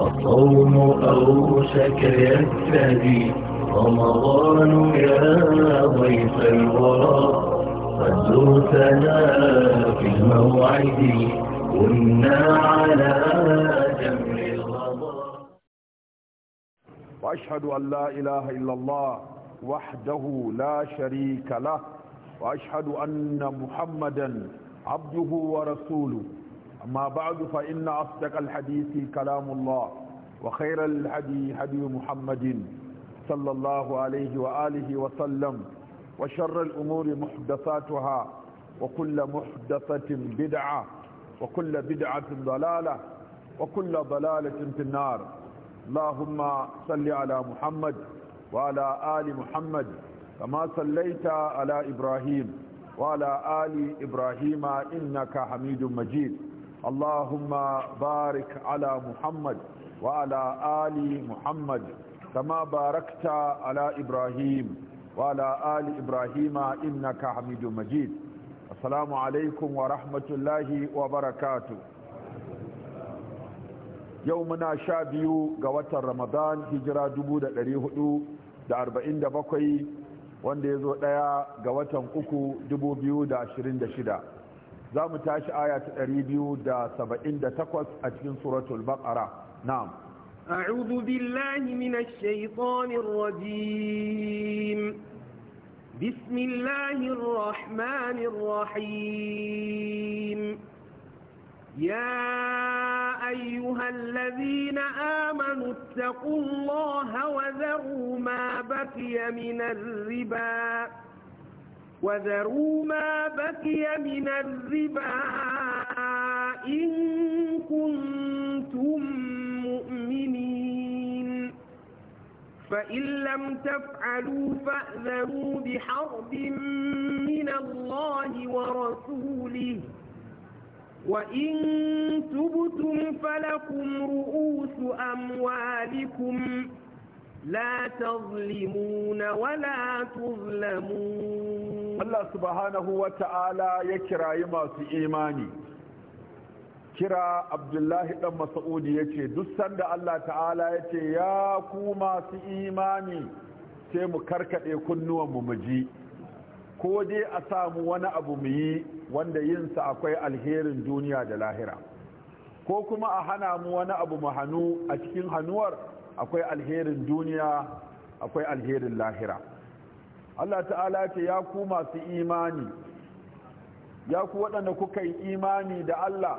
الصوم أوشك يبتدي رمضان يا ضيف الورى قد زرتنا في الموعد كنا على جمر الغضاء وأشهد أن لا إله إلا الله وحده لا شريك له وأشهد أن محمدا عبده ورسوله أما بعد فإن أصدق الحديث كلام الله وخير الحديث حديث محمد صلى الله عليه وآله وسلم وشر الأمور محدثاتها وكل محدثة بدعة وكل بدعة ضلالة وكل ضلالة في النار اللهم صل على محمد وعلى آل محمد كما صليت على إبراهيم وعلى آل إبراهيم إنك حميد مجيد اللهم بارك على محمد وعلى آل محمد كما باركت على إبراهيم وعلى آل إبراهيم إنك حميد مجيد السلام عليكم ورحمة الله وبركاته يومنا شابيو قوات رمضان هجرة دبودة لريهدو da 47 wanda ya zo ɗaya ga watan uku 2026 za mu tashi aya ta 278 a cikin suratul baqara na'am a'udhu billahi minash shaitanir rajim bismillahir rahmanir rahim يا أيها الذين آمنوا اتقوا الله وذروا ما بقي من الربا وذروا ما بقي من الربا إن كنتم مؤمنين فإن لم تفعلوا فأذروا بحرب من الله ورسوله وإن تبتم فلكم رؤوس أموالكم لا تظلمون ولا تظلمون الله سبحانه وتعالى يكرا يما في إيماني kira abdullahi ɗan mas'udi yace duk sanda Allah ta'ala yace ya ku masu imani sai mu karkaɗe kunnuwan mu muji ko dai a sa mu wani abu mu yi wanda yinsa akwai alherin duniya da lahira ko kuma a hana mu wani abu mu hanu a cikin hanuwar akwai alherin duniya akwai alherin lahira Allah ta'ala ce ya ku masu imani ya ku waɗanda kuka yi imani da Allah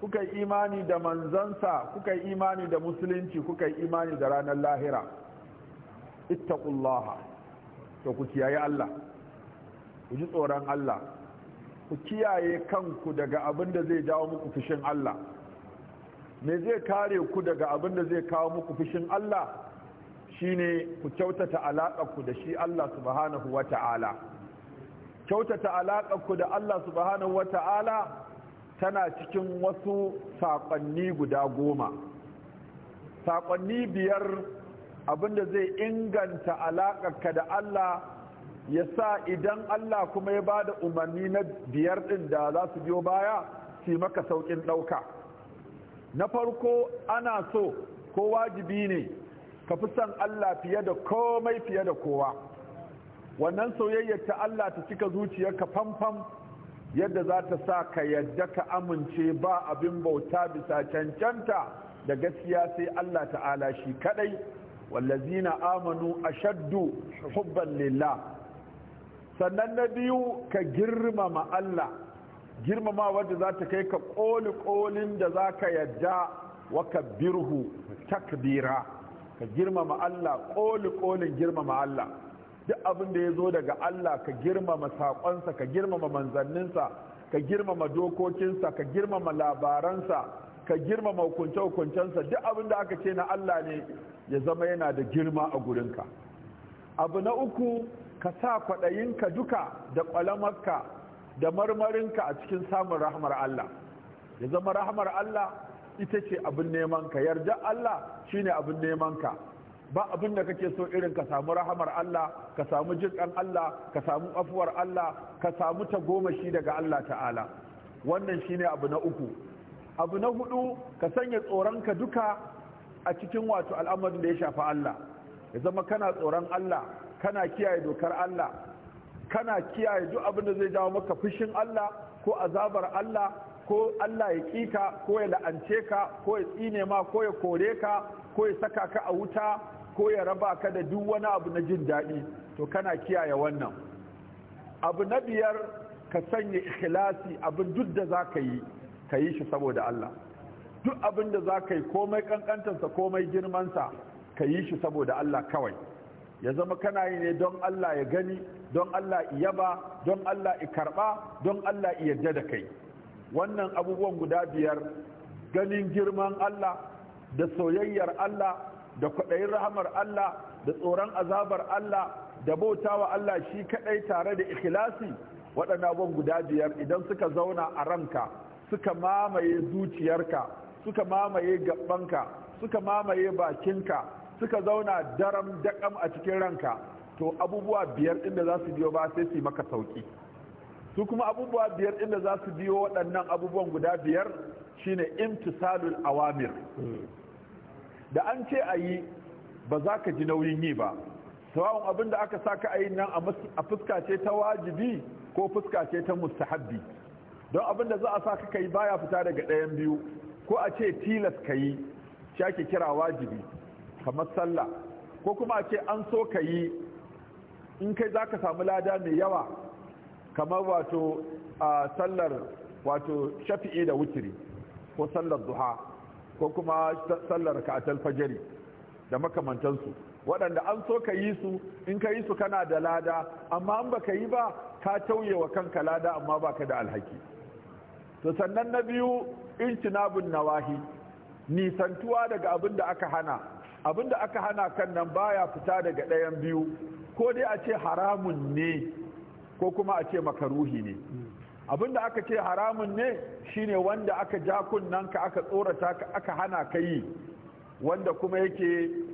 kuka yi imani da manzansa kuka yi imani da musulunci kuka yi imani da ranar lahira ittaqullaha to ku kiyaye Allah ku ji tsoron Allah ku kiyaye kanku daga abin da zai jawo muku fushin Allah me zai kare ku daga abin da zai kawo muku fushin Allah shine ku kyautata alaƙarku da shi Allah subhanahu wa ta'ala kyautata alaƙarku da Allah subhanahu wa ta'ala tana cikin wasu saƙonni guda goma saƙonni biyar abin da zai inganta alaƙarka da Allah ya sa idan Allah kuma ya ba da umarni na biyar ɗin da za su biyo baya su maka sauƙin ɗauka na farko ana so ko wajibi ne ka fi son Allah fiye da komai fiye da kowa wannan soyayyar ta Allah ta cika zuciyar ka famfam yadda za ta sa ka yadda ka amince ba abin bauta bisa cancanta da gaskiya sai Allah ta'ala shi kadai wallazina amanu ashaddu hubban lillah sannan na biyu ka girmama Allah girmama wadda za ta kai ka koli kolin da za ka yadda wa kabbirhu takbira ka girmama Allah koli kolin girmama Allah duk abin da ya zo daga Allah ka girmama saƙonsa ka girmama manzanninsa ka girmama dokokinsa ka girmama labaransa ka girmama hukunce-hukuncensa duk abin da aka ce na Allah ne ya zama yana da girma a gurinka abu na uku ka sa kwaɗayinka duka da ƙwalamarka da marmarinka a cikin samun rahmar Allah ya zama rahmar Allah ita ce abin neman ka yarda Allah shine abin neman ka ba abin da kake so irin ka samu rahamar Allah ka samu jinkan Allah ka samu afuwar Allah ka samu tagomashi daga Allah ta'ala wannan shine abu na uku abu na hudu ka sanya tsoronka duka a cikin wato al'amarin da ya shafi Allah ya zama kana tsoron Allah kana kiyaye dokar Allah kana kiyaye duk abin da zai jawo maka fushin Allah ko azabar Allah ko Allah ya kika ko ya la'ance ka ko ya tsine ma ko ya kore ka ko ya saka ka a wuta ko ya raba ka da duk wani abu na jin daɗi to kana kiyaye wannan abu na biyar ka sanya ikhlasi abin duk da za ka yi ka yi shi saboda Allah duk abin da za ka yi komai kankantansa, komai girmansa ka yi shi saboda Allah kawai ya zama kana yi ne don Allah ya gani don Allah yaba don Allah karba don Allah yarda da kai wannan abubuwan guda biyar ganin girman Allah da soyayyar Allah da kwaɗayin rahamar Allah da tsoron azabar Allah da bautawa Allah shi kaɗai tare da ikhlasi waɗannan abubuwan guda biyar idan suka zauna a ranka suka mamaye zuciyarka suka mamaye gabanka suka mamaye bakinka suka zauna daram daƙam a cikin ranka to abubuwa biyar inda za su biyo ba sai su maka sauki su kuma abubuwa biyar inda za su biyo waɗannan abubuwan guda biyar shine imtisalul awamir da an ce a yi ba za ka ji nauyin yi ba sawa'un abin da aka saka a yi nan a fuska ce ta wajibi ko fuska ce ta mustahabbi don abin da za a saka ka yi baya fita daga ɗayan biyu ko a ce tilas ka yi shi ake kira wajibi kamar sallah ko kuma a ce an so ka yi in kai za ka samu lada mai yawa kamar wato a sallar wato shafi'i da wutiri ko sallar duha ko kuma sallar katal fajari da makamantansu waɗanda an so ka yi su in ka yi su kana da lada amma an baka yi ba ka tauye wa kanka lada amma baka da alhaki to sannan na biyu in cinabin nawahi nisantuwa daga abin da aka hana abin da aka hana kan nan baya fita daga ɗayan biyu ko dai a ce haramun ne ko kuma a ce makaruhi ne Abin da aka ce haramun ne shine wanda aka ja kunnan ka aka tsorata ka aka hana ka yi wanda kuma yake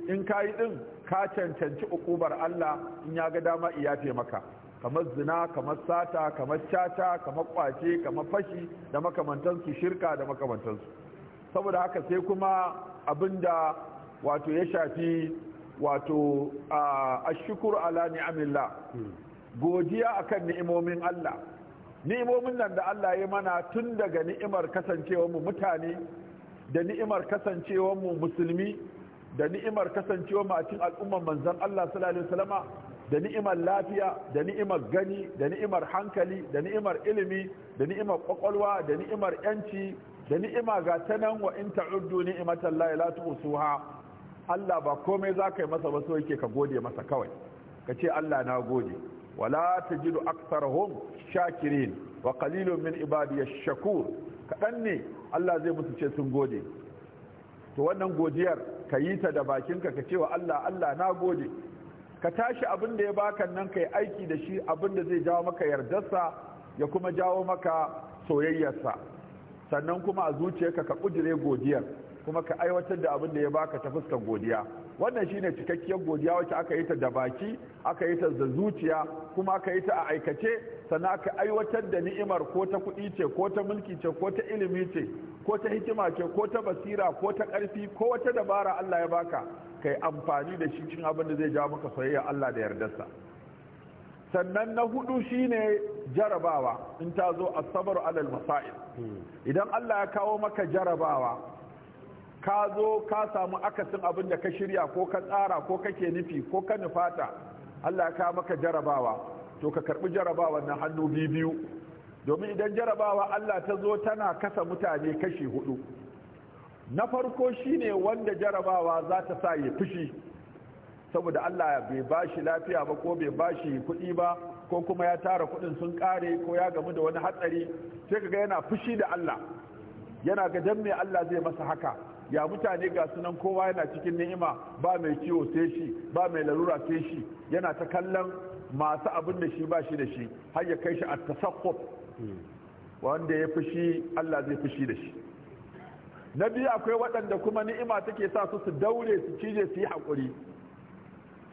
in ka yi din ka cancanci ukubar Allah in ya ga dama iyafe maka kamar zina kamar sata kamar caca kamar kwace kamar fashi da makamantansu shirka da makamantansu saboda haka sai kuma abin da wato ya shafi wato ashukur ala ni'amillah godiya akan ni'imomin Allah ni'imomin nan da Allah ya mana tun daga ni'imar kasancewar mu mutane da ni'imar kasancewar mu musulmi da ni'imar kasancewar mu a cikin al'umman manzon Allah sallallahu alaihi wasallama da ni'imar lafiya da ni'imar gani da ni'imar hankali da ni'imar ilimi da ni'imar kwakwalwa da ni'imar yanci da ni'ima ga tanan wa in ta'uddu ni'matallahi la tuhsuha Allah ba komai za ka yi masa ba so yake ka gode masa kawai ka ce Allah na gode wala ta aksar hom shakirin wa kalilun min ibadiyash shakur kaɗan ne Allah zai musu ce sun gode to wannan godiyar ka yi ta da bakinka ka ce wa Allah Allah na gode ka tashi abin da ya baka nan ka yi aiki da shi abin da zai jawo maka yardarsa ya kuma jawo maka soyayyarsa sannan kuma a zuciyarka ka kudire godiyar kuma ka aiwatar da abin da ya baka ta fuskar godiya wannan shine cikakkiyar godiya wacce aka yi ta da baki aka yi ta da zuciya kuma aka yi ta a aikace sannan aka aiwatar da ni'imar ko ta kuɗi ce ko ta mulki ce ko ta ilimi ce ko ta hikima ce ko ta basira ko ta ƙarfi ko wata dabara Allah ya baka kai amfani da shi cikin abin da zai jawo maka soyayya Allah da yardarsa sannan na hudu shine jarabawa in ta zo asabar alal masa'il hmm. idan Allah ya kawo maka jarabawa ka zo ka samu akasin abin da ka shirya ko ka tsara ko kake nufi ko ka nufata Allah ka maka jarabawa to ka karbi jarabawa na hannu biyu domin idan jarabawa Allah ta zo tana kasa mutane kashi hudu na farko shi ne wanda jarabawa za ta sa ya fushi saboda Allah bai ba shi lafiya ba ko bai bashi kuɗi ba ko kuma ya tara kuɗin sun ƙare ko ya gamu da wani hatsari sai ka ga yana fushi da Allah yana ga dan me Allah zai masa haka ya mutane ga sunan kowa yana cikin ni'ima ba mai ciwo sai shi ba mai larura sai shi yana ta kallon masu abin da shi ba shi da shi har ya kai shi a tasakkuf wanda ya fushi Allah zai fushi da shi na biyu akwai waɗanda kuma ni'ima take sa su su daure su cije su yi haƙuri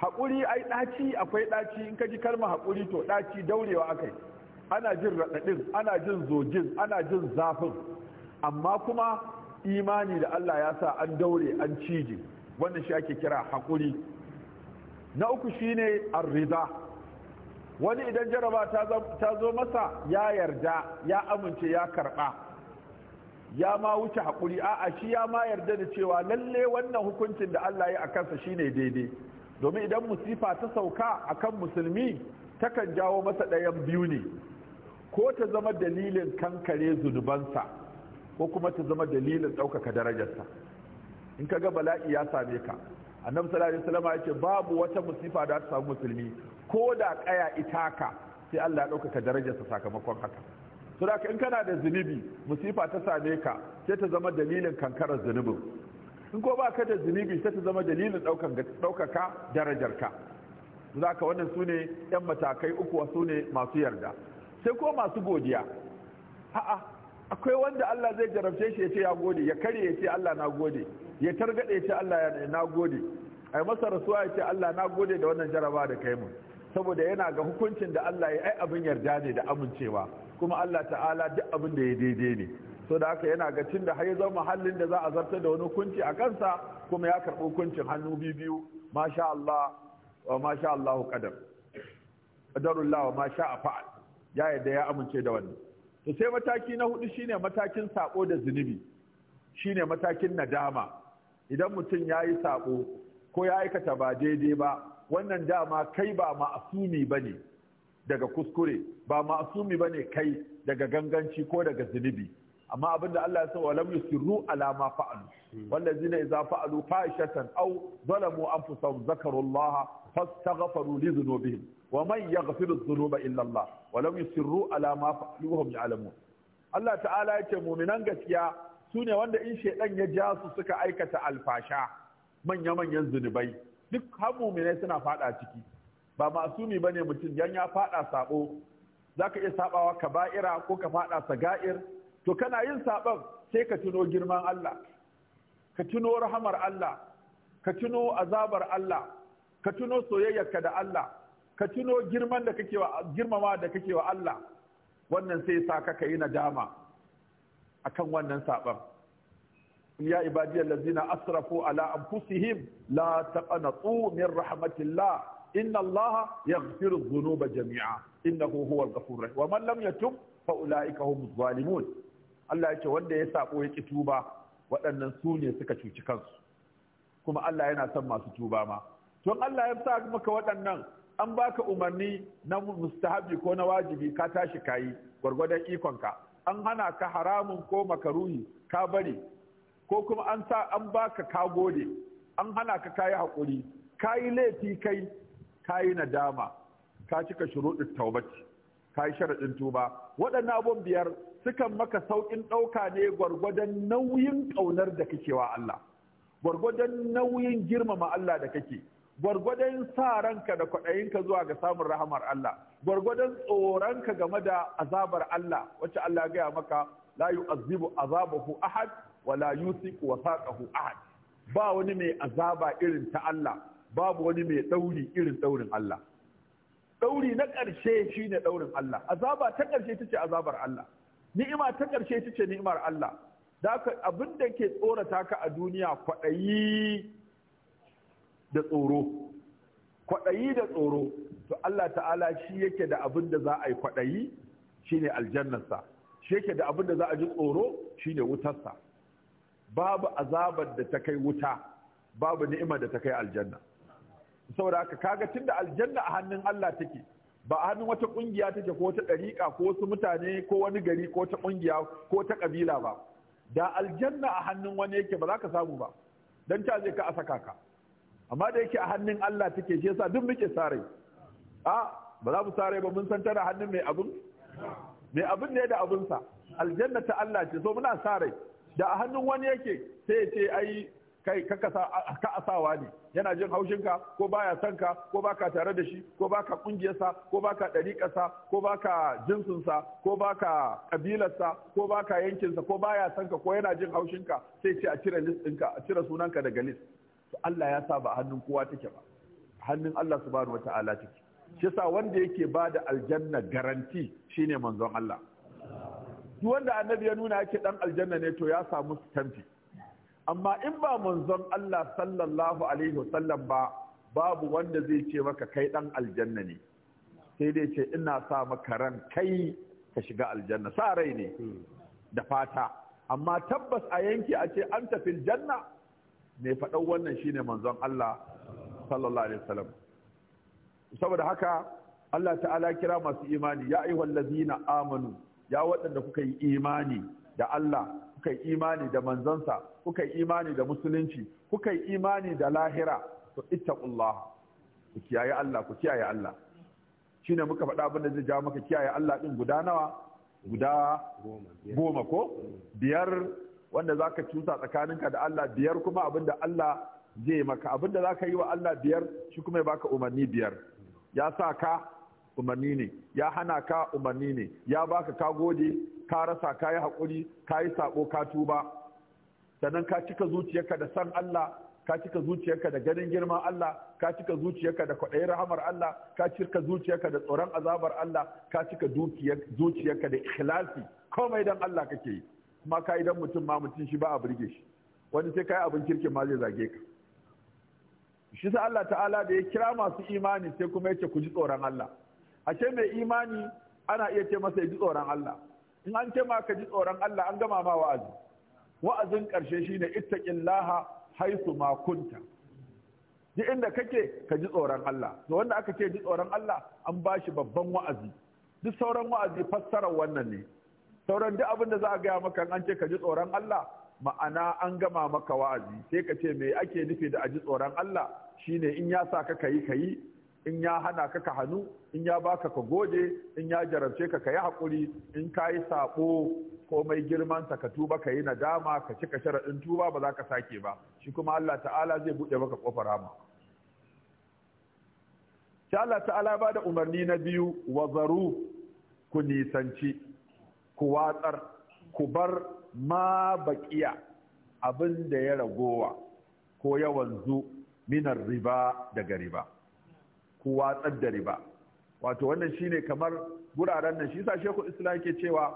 haƙuri ai ɗaci akwai ɗaci in ka ji kalmar haƙuri to ɗaci daurewa akai ana jin raɗaɗin ana jin zojin ana jin zafin amma kuma imani da Allah ya sa an daure an cije wannan shi ake kira hakuri. na uku shine arrida wani idan jaraba ta zo masa ya yarda ya amince ya karɓa ya ma wuce haƙuri a'a shi ya ma yarda da cewa lalle wannan hukuncin da Allah ya a kansa shine daidai domin idan musifa ta sauka akan musulmi takan jawo masa ɗayan biyu ne ko ta zama dalilin kankare zunubansa ko kuma ta zama dalilin ɗaukaka darajarsa in ka ga bala'i ya same ka annabi sallallahu alaihi wasallam ce, babu wata musifa da ta samu musulmi ko da kaya itaka sai Allah ya ɗaukaka darajarsa sakamakon haka so da in kana da zunubi musifa ta same ka sai ta zama dalilin kankarar zunubin in ko ba ka da zunubi sai ta zama dalilin ɗaukaka darajarka za ka wannan su ne 'yan matakai uku su ne masu yarda sai ko masu godiya a'a akwai wanda Allah zai jarabce shi ya ce ya gode ya kare ya ce Allah na gode ya targade ya ce Allah na gode ai masa rasuwa ya ce Allah na gode da wannan jaraba da kai mu saboda yana ga hukuncin da Allah ya ai abin yarda ne da amincewa kuma Allah ta'ala duk abin da ya daidai ne so da haka yana ga cin da har zama halin da za a zartar da wani hukunci a kansa kuma ya karɓi hukuncin hannu biyu masha Allah wa masha Allahu, qadar qadarullah wa masha fa'al ya yadda ya amince da wannan to sai mataki na hudu shine matakin sako da zunubi shine matakin nadama idan mutum ya yi sako ko ya aikata ba daidai ba wannan dama kai ba ma'asumi ba ne daga kuskure ba ma'asumi ba ne kai daga ganganci ko daga zunubi amma abinda Allah ya sanwa lam yusirru ala ma fa'alu hmm. wallazina idza fa'alu fahishatan aw zalamu anfusahum zakarullaha fastaghfaru li dhunubihim wa يغفر الذنوب الا الله Allah يسروا على ما ala ma fa'alu wa hum Allah ta'ala ce mu'minan gaskiya sune wanda in shedan ya ja su suka aikata alfasha manya manyan zunubai duk har mu'minai suna fada ciki ba masumi bane mutum yan ya fada sabo zaka iya sabawa kaba'ira ko ka fada saga'ir to kana yin saban sai ka tuno girman Allah ka tuno rahamar Allah ka tuno azabar Allah ka tuno soyayyarka da Allah ka tuno girman da kake wa girmama da kake wa Allah wannan sai sa ka kai nadama akan wannan saban ya ibadiyal ladzina asrafu ala anfusihim la taqanatu min rahmatillah inna Allah yaghfiru dhunuba jami'a innahu huwal ghafurur rahim wa man lam yatub fa ulaika humuz zalimun Allah yake wanda ya sako ya tuba waɗannan su ne suka cuci kansu kuma Allah yana son masu tuba ma don Allah ya sa maka waɗannan an baka umarni na mustahabi ko na wajibi ka tashi kayi gwargwadon ikonka an hana ka haramun ko makaruhi ka bari ko kuma an sa an baka ka gode an hana ka kayi haƙuri kayi laifi kai kayi nadama ka cika shuruɗin taubaci kayi sharaɗin tuba waɗannan abun biyar sukan maka sauƙin ɗauka ne gwargwadon nauyin ƙaunar da kake wa Allah gwargwadon nauyin girmama Allah da kake gwargwadon sa ranka da kwaɗayinka zuwa ga samun rahamar Allah gwargwadon tsoronka game da azabar Allah wacce Allah gaya maka la yu'azzibu azabahu ahad wa la yusiqu wasaqahu ahad ba wani mai azaba irin ta Allah babu wani mai dauri irin daurin Allah dauri na ƙarshe shine daurin Allah azaba ta ƙarshe tace azabar Allah ni'ima ta ƙarshe tace ni'imar Allah da abin da ke tsorata ka a duniya kwaɗayi da tsoro kwaɗayi da tsoro to Allah ta'ala shi yake da abin da za a yi kwaɗayi shine aljannarsa shi yake da abin da za a ji tsoro shine wutarsa babu azabar da ta kai wuta babu ni'ima da ta kai aljanna saboda haka kaga da aljanna a hannun Allah take ba a hannun wata kungiya take ko wata ɗariƙa ko wasu mutane ko wani gari ko ta kungiya ko ta kabila ba da aljanna a hannun wani yake ba za ka samu ba dan ta zai ka a saka ka amma da yake a hannun Allah take shi yasa duk muke sare a ba za mu sare ba mun san tana hannun mai abun mai abun ne da sa? aljanna ta Allah ce so muna sare da a hannun wani yake sai ya ce ai kai ka asawa ne yana jin haushin ka? ko baya son ka ko baka tare da shi ko baka sa? ko baka sa? ko baka jinsinsa ko baka sa? ko baka sa? ko baya son ka ko yana jin haushin ka? sai ce a cire list ɗinka a cire sunanka daga list to Allah ya sa ba hannun kowa take ba hannun Allah subhanahu wata'ala take shi yasa wanda yake ba da aljanna garanti shine manzon Allah duk wanda annabi ya nuna yake dan aljanna ne to ya samu stamfi amma in ba manzon Allah sallallahu alaihi wasallam ba babu wanda zai ce maka kai dan aljanna ne sai dai ce ina sa maka ran kai ka shiga aljanna sa rai ne hmm. da fata amma tabbas a yanki a ce an tafi janna mai faɗan wannan shine manzon Allah sallallahu alaihi wasallam saboda haka Allah ta'ala kira masu imani ya ayyuhal ladina amanu ya waɗanda kuka yi imani da Allah kuka yi imani da manzansa kuka yi imani da musulunci kuka yi imani da lahira to ittaqullah ku kiyaye Allah ku kiyaye Allah shine muka faɗa abin da zai ja maka kiyaye Allah din guda nawa guda goma ko biyar wanda zaka cusa tsakaninka da Allah biyar kuma abinda Allah zai maka abinda zaka yi wa Allah biyar shi kuma ya baka umarni biyar ya sa ka umarni ne ya hana ka umarni ne ya baka ka gode ka rasa ka yi haƙuri ka yi saƙo ka tuba sannan ka cika zuciyarka da san Allah ka cika zuciyarka da ganin girman Allah ka cika zuciyarka da kwaɗayin rahamar Allah ka cika zuciyarka da tsoron azabar Allah ka cika zuciyarka da ikhlasi komai dan Allah kake yi kuma ka idan mutum ma mutum shi ba a burge shi wani sai kai abin kirkin ma zai zage ka shi sa Allah ta'ala da ya kira masu imani sai kuma ya ce ku ji tsoron Allah ashe mai imani ana iya ce masa ya ji tsoron Allah in an ce ma ka ji tsoron Allah an gama ma wa'azi wa'azin karshe shine ittaqillaha haisu ma kunta duk inda kake ka ji tsoron Allah to wanda aka ce ji tsoron Allah an bashi babban wa'azi duk sauran wa'azi fassarar wannan ne sauran duk abin da za a gaya maka an ce ka ji tsoron Allah ma'ana an gama maka wa'azi sai ka ce me ake nufi da a ji tsoron Allah shine in ya sa ka kayi kayi in ya hana ka ka hannu in ya baka ka gode in ya jarabce ka kayi hakuri in ka yi ko komai girman sa ka tuba ka yi nadama ka ka sharaɗin tuba ba za ka sake ba shi kuma Allah ta'ala zai buɗe maka kofar rama Allah ta'ala ba da umarni na biyu wa zaru ku nisanci ku watsar ku bar ma baƙiya abin da ya ragowa ko yawanzu zu minar riba daga riba ku watsar da riba wato wannan shine kamar guraren nan shi sa sheku islam ke cewa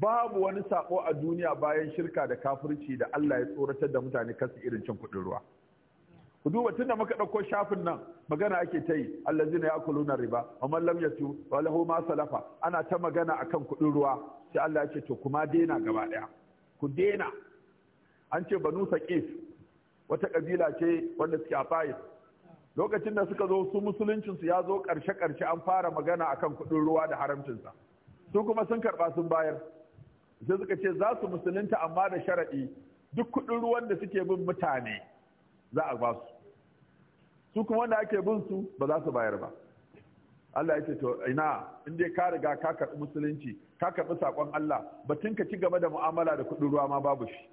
babu wani sako a duniya bayan shirka da kafirci da Allah ya tsoratar da mutane kasu irin cin kuɗin ruwa ku duba tunda muka ɗauko shafin nan magana ake ta yi allazina yakuluna riba wa man lam yatu wa lahu ma salafa ana ta magana akan kuɗin ruwa sai Allah ya ce to kuma daina gaba ɗaya ku daina an ce banu saqif wata kabila ce wanda suke a lokacin da suka zo su musuluncin su ya zo ƙarshe karshe an fara magana akan kuɗin ruwa da haramcinsa. su kuma sun karɓa sun bayar sai suka ce za su musulunta amma da sharaɗi. duk kuɗin ruwan da suke bin mutane za a ba su su kuma wanda ake bin su ba za su bayar ba Allah ya ce to ina in dai ka riga ka karɓi musulunci ka karɓi sakon Allah batun ka ci gaba da mu'amala da kuɗin ruwa ma babu shi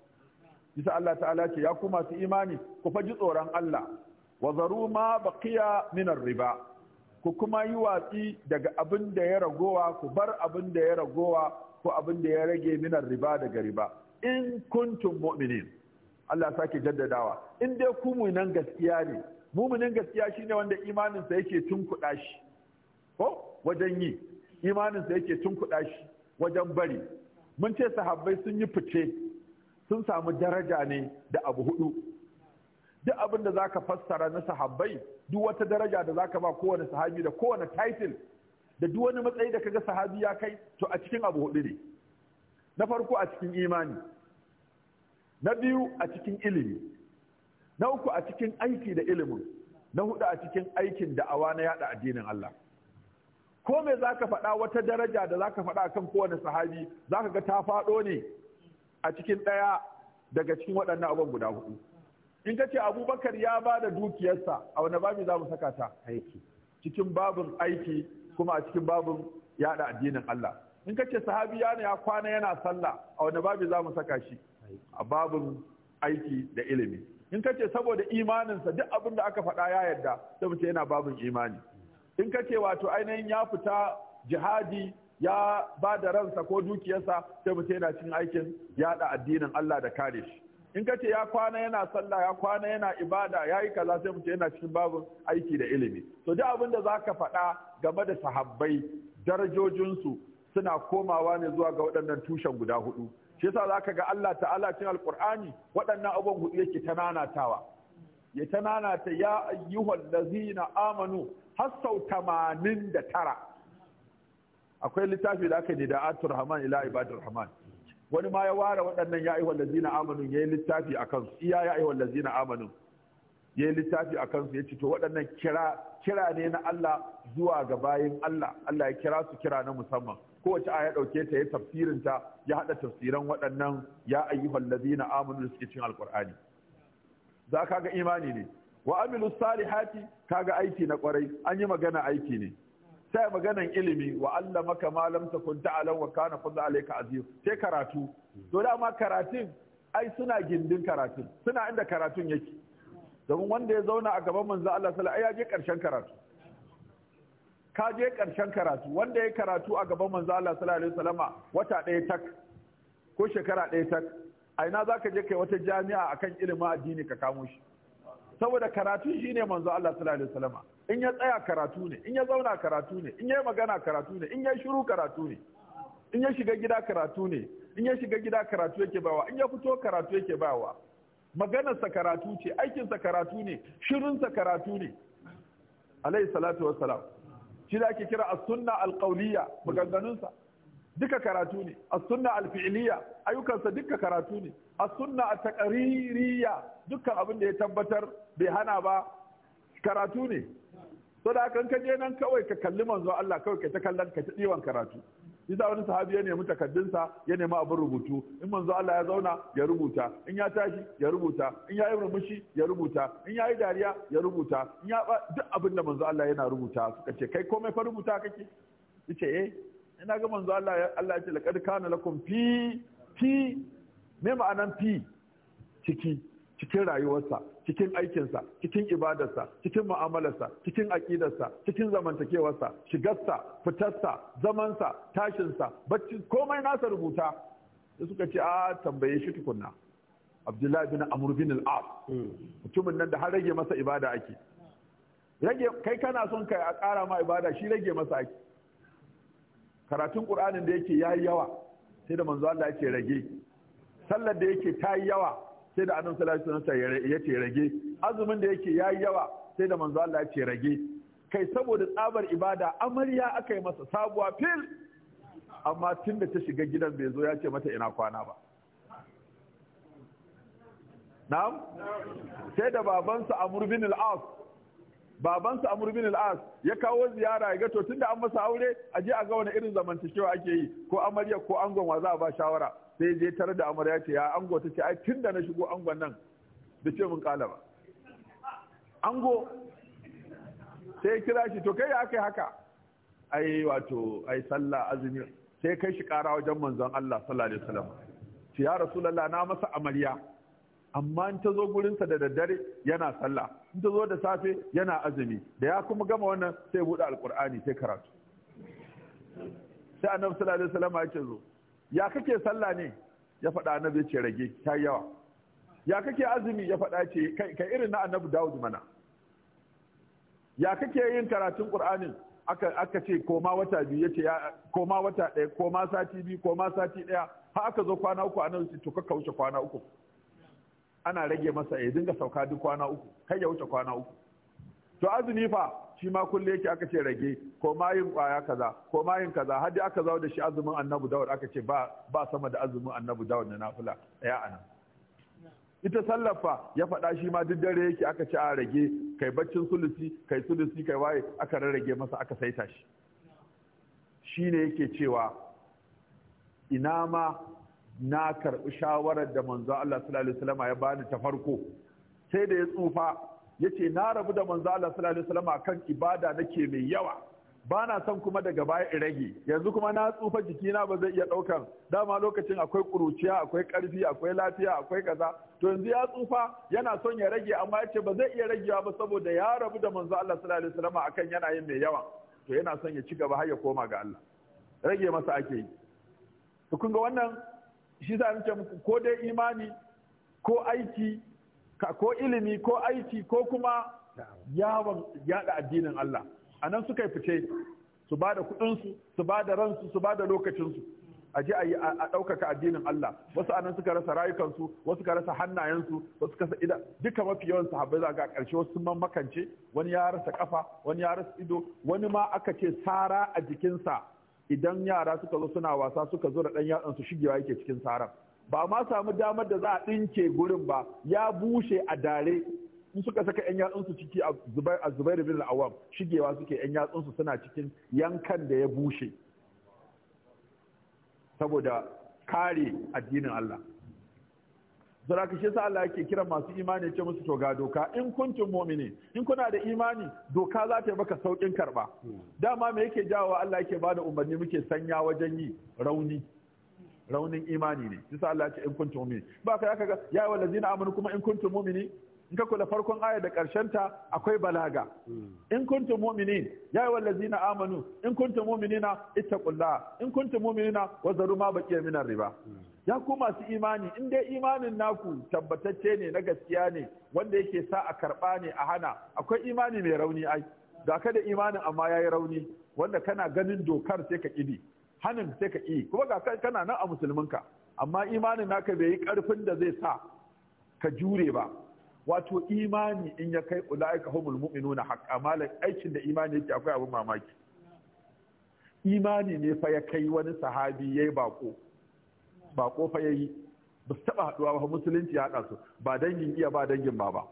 bisa Allah ta'ala ce ya ku masu imani ku faji tsoron Allah wa zaru ma baqiya min riba ku kuma yi watsi daga abin da ya ragowa ku bar abin da ya ragowa ko abin da ya rage min riba daga riba in kuntum mu'minin Allah sake jaddadawa in dai ku nan gaskiya ne mu'minin gaskiya shine wanda imaninsa yake tunkuɗa shi ko wajen yi imaninsa yake tunkuɗa shi wajen bari mun ce sahabbai sun yi fice sun samu daraja ne da abu hudu duk abin da zaka fassara na sahabbai duk wata daraja da zaka ba kowane sahabi da kowane title da duk wani matsayi da kaga sahabi ya kai to a cikin abu hudu ne na farko a cikin imani na biyu a cikin ilimi na uku a cikin aiki da ilimin na hudu a cikin aikin da'awa na yada addinin Allah ko me zaka faɗa wata daraja da zaka faɗa kan kowane sahabi zaka ga ta faɗo ne a cikin ɗaya daga cikin waɗannan abubuwan guda hudu in ka ce abubakar ya ba da dukiyarsa a wani babi za mu saka ta aiki cikin babin aiki kuma a cikin babin yada addinin Allah in ka ce sahabi ya ne ya kwana yana sallah a wani babu za mu saka shi a babin aiki da ilimi in ka ce saboda imaninsa duk abin da aka faɗa ya yarda sai mu ce yana babin imani in ka ce wato ainihin ya fita jihadi ya ba da ransa ko dukiyarsa sai mu ce yana cin aikin yaɗa addinin Allah da kare shi in ka ce ya kwana yana sallah ya kwana yana ibada ya yi kaza sai mu ce yana cikin babu aiki da ilimi to duk abin da za ka faɗa game da sahabbai darajojinsu suna komawa ne zuwa ga waɗannan tushen guda hudu shi yasa zaka ga Allah ta'ala cin alqur'ani waɗannan abubuwan hudu yake ta nanatawa ya ta nanata ya ayyuhal na amanu har sau 89 akwai littafi da aka yi da atur rahman ila ibadur rahman wani ma ya ware waɗannan ya ayyuhal lazina amanu yi littafi a kansu. iya ya ayyuhal lazina amanu ya yi littafi a kansu ya ce to waɗannan kira ne na Allah zuwa ga bayin Allah Allah ya kira su kira na musamman kowace aya ɗauke ta ya tafsirin ta ya haɗa tafsiran waɗannan ya ayyuhal na amanu da suke cikin Alƙur'ani. za ka ga imani ne wa amilu salihati ga aiki na ƙwarai. an yi magana aiki ne sai maganan ilimi wa Allah maka ma lam takun ta'alam wa kana fadlu alayka azim sai karatu to dama karatun ai suna gindin karatun suna inda karatun yake domin wanda ya zauna a gaban manzo Allah sallallahu alaihi wasallam ai ya je karshen karatu ka je ƙarshen karatu wanda ya karatu a gaban manzo Allah sallallahu alaihi wasallama wata ɗaya tak ko shekara ɗaya tak a ina za ka je kai wata jami'a akan ilimin addini ka kamo shi saboda karatu shine manzo Allah sallallahu alaihi wasallama in ya tsaya karatu ne in ya zauna karatu ne in ya magana karatu ne in ya shiru karatu ne in ya shiga gida karatu ne in ya shiga gida karatu yake bawa in ya fito karatu yake bawa maganarsa karatu ce aikinsa karatu ne sa karatu ne alayhi salatu wassalam shi da ake kira as-sunna al maganganunsa duka karatu ne as-sunna al ayyukansa duka karatu ne as-sunna at-taqririya dukkan abin da ya tabbatar bai hana ba karatu ne to da kan kaje nan kawai ka kalli manzo Allah kawai ka ta kallon ka ta diwan karatu yasa wani sahabi ya nemi takaddunsa ya nemi abin rubutu in manzo Allah ya zauna ya rubuta in ya tashi ya rubuta in ya yi murmushi ya rubuta in ya yi dariya ya rubuta in ya ba duk abin da manzo Allah yana rubuta suka ce kai komai fa rubuta kake yace eh ina ga manzo Allah ya Allah ya ce laqad kana lakum fi fi me ma'anan fi ciki cikin rayuwarsa cikin aikinsa cikin ibadarsa cikin mu'amalarsa cikin aƙidarsa cikin zamantakewarsa shigarsa fitarsa zamansa tashinsa bacci komai nasa rubuta da suka ce a tambaye shi tukunna abdullahi bin amr bin al-as mutumin nan da har rage masa ibada ake rage kai kana son kai a ƙara ma ibada shi rage masa ake karatun qur'anin da yake yayi yawa sai da manzo Allah yake rage sallar da yake tayi yawa sai da annabi sallallahu alaihi wasallam ya ce rage azumin da yake yayi yawa sai da manzo Allah ya ce rage kai saboda tsabar ibada amarya aka masa sabuwa fil amma tun ta shiga gidan bai zo ya ce mata ina kwana ba na'am sai da babansa a bin al-As babansa Amr bin al-As ya kawo ziyara ya ga to tunda an masa aure a je a ga wani irin zamantakewa ake yi ko amarya ko angon wa za a ba shawara sai je tare da amarya ce ya ango ta ce ai tun da na shigo angon nan da ce mun kala ba ango sai kira shi to kai ya kai haka ai wato ai sallah azumi sai kai shi kara wajen manzon Allah sallallahu alaihi wasallam ce ya rasulullah na masa amarya amma in ta zo gurinsa da daddare yana sallah in ta zo da safe yana azumi da ya kuma gama wannan sai buɗe alqur'ani sai karatu sai annabi sallallahu alaihi wasallam ya ce zo ya kake sallah ne ya faɗa annabi ce rage ta yawa ya kake azumi ya faɗa ce Kai irin na annabi Dawud mana ya kake yin karatun Qur'anin aka aka ce koma wata biyu yace ya koma wata ɗaya koma sati biyu koma sati ɗaya har aka zo kwana uku annabi ce to ka wuce kwana uku ana rage masa ya dinga sauka duk kwana uku kai ya wuce kwana uku to azumi fa shi ma kulle yake aka ce rage ko mayin yin kwaya kaza ko mayin kaza har aka zawo da shi azumin annabu dawud aka ce ba ba sama da azumin annabu dawud na nafila ya anan ita sallafa ya faɗa shi ma duk dare yake aka ci a rage kai baccin sulusi kai sulusi kai waye aka rarrage masa aka saita shi shine yake cewa ina ma na karbi shawarar da manzo Allah sallallahu alaihi wasallam ya bani ta farko sai da ya tsufa yace na rabu da manzo Allah sallallahu alaihi wasallam akan ibada nake mai yawa ba na son kuma daga baya in rage yanzu kuma na tsufa jikina ba zai iya ɗaukan dama lokacin akwai ƙuruciya akwai karfi akwai lafiya akwai kaza to yanzu ya tsufa yana son ya rage amma yace ba zai iya ragewa ba saboda ya rabu da manzo Allah sallallahu alaihi wasallam akan yana yin mai yawa to yana son ya ci gaba har ya koma ga Allah rage masa ake yi to kun ga wannan shi za mu muku ko dai imani ko aiki ko ilimi ko aiki ko kuma yawon yada addinin Allah a nan suka yi fice su ba da kudinsu su ba da ransu su ba da lokacinsu a ji a ɗaukaka addinin Allah wasu anan suka rasa rayukansu wasu ka rasa hannayensu wasu kasa ida duka mafi yawan sahabbai za ga ƙarshe wasu sun makance wani ya rasa kafa wani ya rasa ido wani ma aka ce sara a jikinsa idan yara suka zo suna wasa suka zo da ɗan yatsansu shigewa yake cikin saran ba ma samu damar da za a ɗinke gurin ba ya bushe a dare in suka saka yan yatsunsu ciki a da bin awam shigewa suke yan yatsunsu suna cikin yankan da ya bushe saboda kare addinin Allah zuraka shi sa Allah yake kira masu imani ce musu to ga doka in kuntum mu'mini in kuna da imani doka za ta yi maka saukin karba hmm. dama me yake jawo Allah yake bada umarni muke sanya wajen yi rauni raunin imani ne sa Allah ce in kuntum mu'mini ba ka aka ga ya Lazina amanu kuma in kuntum mu'mini in ka kula farkon aya da karshen ta akwai balaga hmm. in kuntum mu'mini ya Lazina amanu in kuntum mu'minina ittaqullah in kuntum mu'minina wazaru ma baqiya minar riba hmm. ya ku masu imani in dai imanin naku tabbatacce ne na gaskiya ne wanda yake sa a karba ne a hana akwai imani mai rauni ai da ka da imanin amma yayi rauni wanda kana ganin dokar sai ka kidi Hannun sai ka yi kuma ga kana nan a musulminka amma imanin naka bai yi karfin da zai sa ka jure ba wato imani in ya kai ulaika humul mu'minuna haqqa malan aikin da imani yake akwai abin mamaki imani ne fa ya kai wani sahabi yayi bako bako fa yayi ba su taba haduwa ba musulunci ya su ba dangin iya ba dangin ba ba.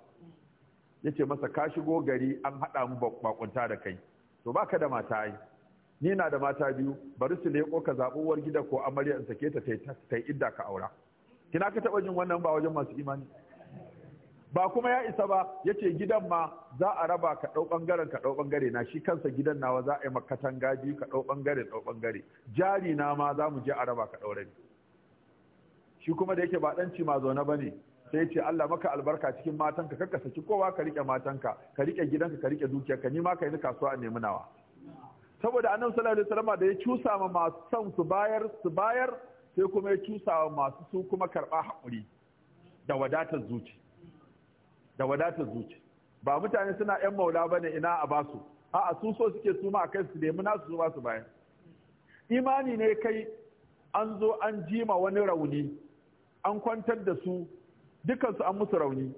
Ya ce masa ka shigo gari an haɗa mu bakunta da kai to baka da mata ai ni na da mata biyu bari su leko ka zaɓi uwar gida ko amarya in sake ta ta idda ka aura kina ka taɓa jin wannan ba wajen masu imani ba kuma ya isa ba ya ce gidan ma za a raba ka ɗau ɓangaren ka ɗau ɓangare na shi kansa gidan nawa za a yi katanga biyu ka ɗau ɓangare ɗau ɓangare jari na ma za mu je a raba ka ɗau ni. shi kuma da yake ba ɗanci ma zaune ba ne sai ce Allah maka albarka cikin matanka ka saki kowa ka riƙe matanka ka riƙe gidanka ka riƙe dukiyarka ni ma ka yi kasuwa a nemi nawa saboda annabi sallallahu alaihi wasallam da ya cusa ma masu son su bayar su bayar sai kuma ya cusa ma masu su kuma karba hakuri da wadatar zuci da wadatar zuci ba mutane suna yan maula bane ina a basu a'a su so suke su ma kai su nemi nasu su ba su bayar imani ne kai an zo an jima wani rauni an kwantar da su dukansu an musu rauni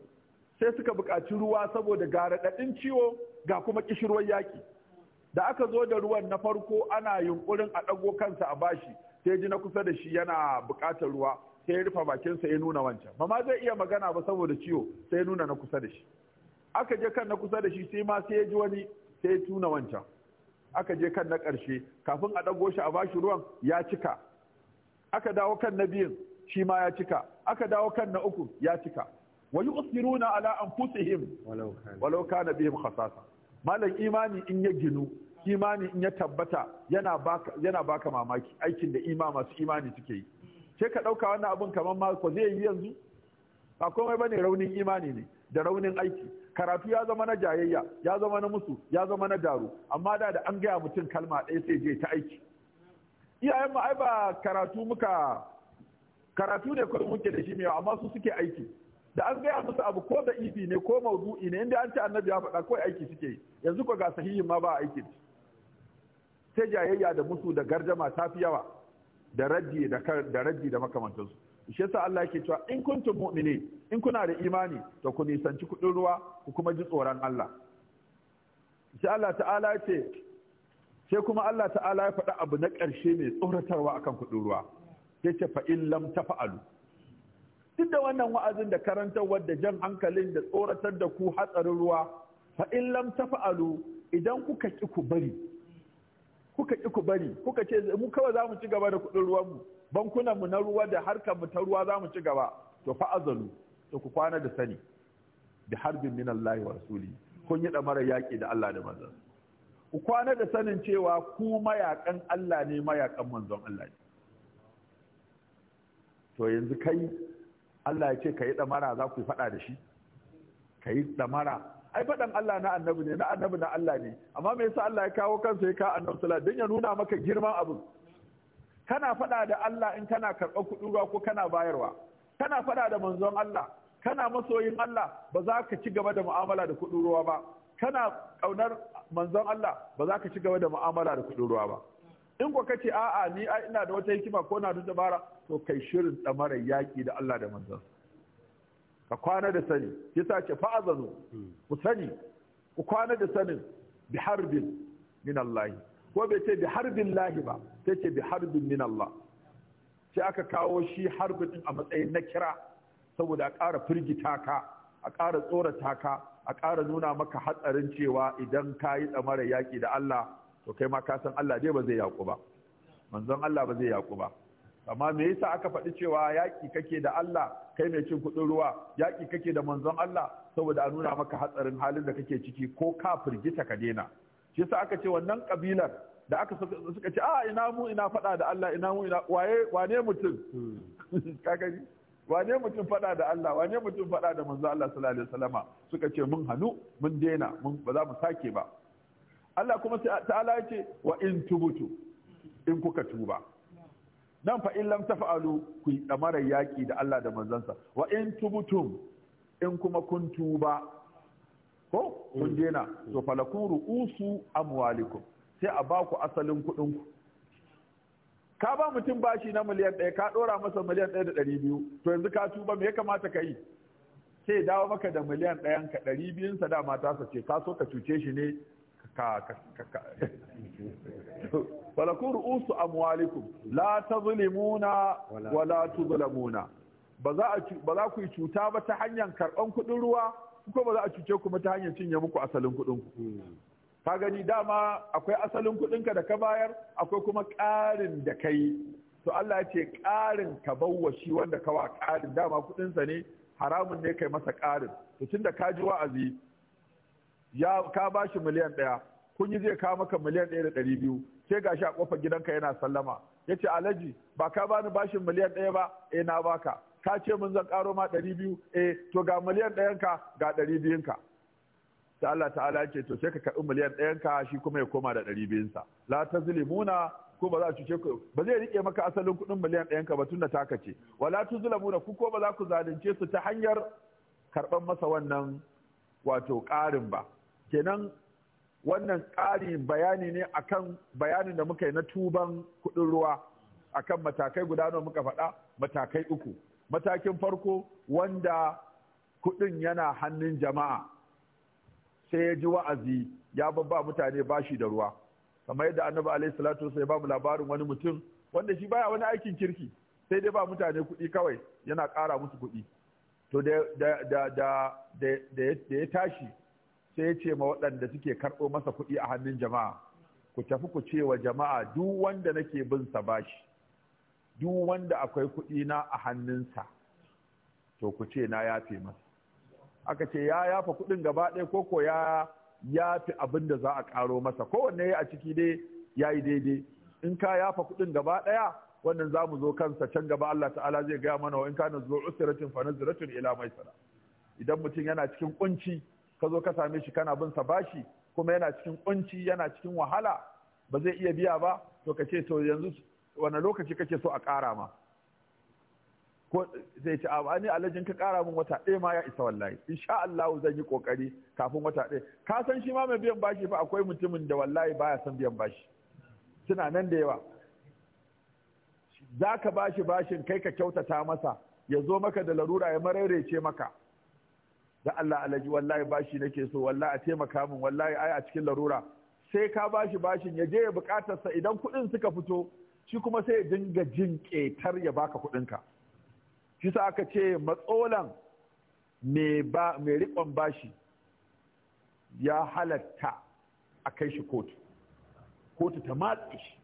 sai suka buƙaci ruwa saboda ga raɗaɗin ciwo ga kuma ƙishirwar yaƙi da aka zo da ruwan na farko ana yunkurin a ɗago kansa a bashi sai ji na kusa da shi yana buƙatar ruwa sai ya rufe bakinsa ya nuna wancan ba ma zai iya magana ba saboda ciwo sai ya nuna na kusa da shi aka je kan na kusa da shi sai ma sai ya ji wani sai ya tuna wancan aka je kan na ƙarshe kafin a ɗago shi a bashi ruwan ya cika aka dawo kan na biyun shi ma ya cika aka dawo kan na uku ya cika wa yusiruna ala anfusihim walau kana bihim khasasa malam imani in ya ginu imani in ya tabbata yana baka mamaki aikin da ima masu imani suke yi sai ka dauka wannan abun kamar ma ko zai yi yanzu ba komai bane raunin imani ne da raunin aiki karatu ya zama na jayayya ya zama na musu ya zama na daru amma da da an gaya mutum kalma ɗaya sai je ta aiki iyayen mu ai ba karatu muka karatu ne kawai muke da shi mai amma su suke aiki da an gaya musu abu ko da ifi ne ko maudu'i ne inda an ce annabi ya faɗa ko aiki suke yi yanzu ko ga sahihin ma ba aiki sai jayayya da musu da garjama ta fi yawa da raddi da da raddi da makamantansu shi yasa Allah yake cewa in kuntum mu'mini in kuna da imani to ku nisanci kudin ruwa ku kuma ji tsoron Allah sai Allah ta'ala ya sai kuma Allah ta'ala ya faɗa abu na ƙarshe mai tsoratarwa akan kudin ruwa sai ce fa in lam tafa'alu duk da wannan wa'azin da karantarwar da jan hankalin da tsoratar da ku hatsarin ruwa fa in lam tafa'alu idan kuka ki ku bari kuka ki ku bari kuka ce mu kawai za mu ci gaba da kuɗin ruwan mu bankunan mu na ruwa da harkar mu ta ruwa za mu ci gaba to azalu to ku kwana da sani da harbin min Allah wa rasuli kun yi mara yaki da Allah da manzon ku kwana da sanin cewa ku mayakan Allah ne mayakan manzon Allah ne to yanzu kai Allah ya ce ka yi ɗamara za ku faɗa da shi ka yi ɗamara ai faɗan Allah na annabi ne na annabi na Allah ne amma me yasa Allah ya kawo kansa ya kawo annabi sallallahu alaihi ya nuna maka girman abin kana faɗa da Allah in kana karɓar kuɗi ruwa ko kana bayarwa kana faɗa da manzon Allah kana masoyin Allah ba za ka ci gaba da mu'amala da kuɗin ruwa ba kana ƙaunar manzon Allah ba za ka ci gaba da mu'amala da kuɗi ruwa ba in ko kace a'a ni ai ina da wata hikima ko na da dabara to kai shirin tsamarar yaki da Allah da manzon ka kwana da sani yasa sace fa'azanu hmm. ku sani ku kwana da sani, bi harbin min Allah ko bai ce bi harbin lahi ba sai ce bi harbin min Allah sai aka kawo shi harbin din a matsayin na kira saboda a ƙara firgita ka a ƙara tsorata ka a ƙara nuna maka hatsarin cewa idan ka yi tsamara yaƙi da Allah to kai ma ka san Allah dai ba zai yaku ba manzon Allah ba zai yaku ba amma me yasa aka faɗi cewa yaƙi kake da Allah kai mai cin kuɗin ruwa yaƙi kake da manzon Allah saboda a nuna maka hatsarin halin da kake ciki ko ka firgita ka daina shi yasa aka ce wannan kabilar da aka suka ce a ah, ina mu ina faɗa da Allah ina mu ina waye wane mutum hmm. gani wane mutum faɗa da Allah wane mutum faɗa da manzon Allah sallallahu alaihi wasallama suka ce mun hanu mun daina mun ba za mu sake ba Allah kuma ta'ala ya ce wa in tubutu in kuka tuba nan fa in lam tafa'alu ku yi damarar yaƙi da Allah da manzansa wa in tubutum in kuma kun tuba ko kun dena to falakun ru'usu amwalikum sai a ba ku asalin kuɗin ku ka ba mutum bashi na miliyan ɗaya ka ɗora masa miliyan ɗaya da ɗari biyu to yanzu ka tuba me ya kamata ka yi sai dawo maka da miliyan ɗayan ka ɗari biyun sa mata sa ce ka so ka cuce shi ne ka falakun ru'usu amwalikum la tazlimuna wa la tuzlamuna ba za ku yi cuta ba ta hanyar karban kuɗin ruwa ko ba za a cuce ku ta hanyar cinye muku asalin kuɗin ku ka gani dama akwai asalin kuɗin ka da ka bayar akwai kuma ƙarin da kai to Allah ya ce ƙarin ka bawa shi wanda wa ƙarin dama kuɗinsa ne haramun ne kai masa ƙarin to tunda ka ji wa'azi ya ka ba shi miliyan ɗaya kun yi zai kawo maka miliyan ɗaya da ɗari biyu sai gashi a ƙofar gidanka yana sallama ya ce alhaji ba ka bani bashin miliyan ɗaya ba eh na baka ka ce mun zan karo ma ɗari biyu eh to ga miliyan ɗayanka ga ɗari biyunka ta Allah ta'ala ce to sai ka karɓi miliyan ɗayanka shi kuma ya koma da ɗari biyunsa la ta zulimuna ko ba za a cuce ku ba zai rike maka asalin kuɗin miliyan ɗayanka ba tunda taka ce wala tuzlamuna ku ko ba za ku zalunce su ta hanyar karɓar masa wannan wato ƙarin ba kenan wannan ƙarin bayani ne akan bayanin da muka yi na tuban kuɗin ruwa akan matakai guda nawa muka faɗa matakai uku matakin farko wanda kuɗin yana hannun jama'a sai ya ji wa'azi ya babba mutane bashi da ruwa kamar yadda annabi alaihi salatu sai ba mu labarin wani mutum wanda shi baya wani aikin kirki sai dai ba mutane kuɗi kawai yana ƙara musu kuɗi to da ya tashi sai ya ce ma waɗanda suke karɓo masa kuɗi a hannun jama'a ku tafi ku ce wa jama'a duk wanda nake bin sa bashi duk wanda akwai kuɗi na a hannunsa to ku ce na yafe masa aka ce ya yafa kuɗin gaba ɗaya ko ko ya yafe abin da za a karo masa kowanne a ciki dai ya yi daidai in ka yafa kuɗin gaba ɗaya wannan za mu zo kansa can gaba Allah ta'ala zai gaya mana wa in na zuwa usratin fa nazratun ila maisara idan mutum yana cikin kunci ka zo ka same shi kana bin sa bashi kuma yana cikin kunci yana cikin wahala ba zai iya biya ba to ka ce to yanzu wani lokaci kake so a ƙara ma ko zai ci a ani alajin ka ƙara min wata ɗaya ma ya isa wallahi insha Allah zan yi kokari kafin wata ɗaya ka san shi ma mai biyan bashi fa akwai mutumin da wallahi baya san biyan bashi suna nan da yawa za ka bashi bashin kai ka kyautata masa ya zo maka da larura ya mararece maka da Allah alaji wallahi bashi nake so wallahi a taimaka min wallahi ai a cikin larura sai ka bashi bashin ya je ya bukatar sa idan kuɗin suka fito shi kuma sai ya dinga jin ƙetar ya baka kuɗinka shi sa aka ce matsolan mai riƙon bashi ya halatta a kai shi kotu kotu ta matse shi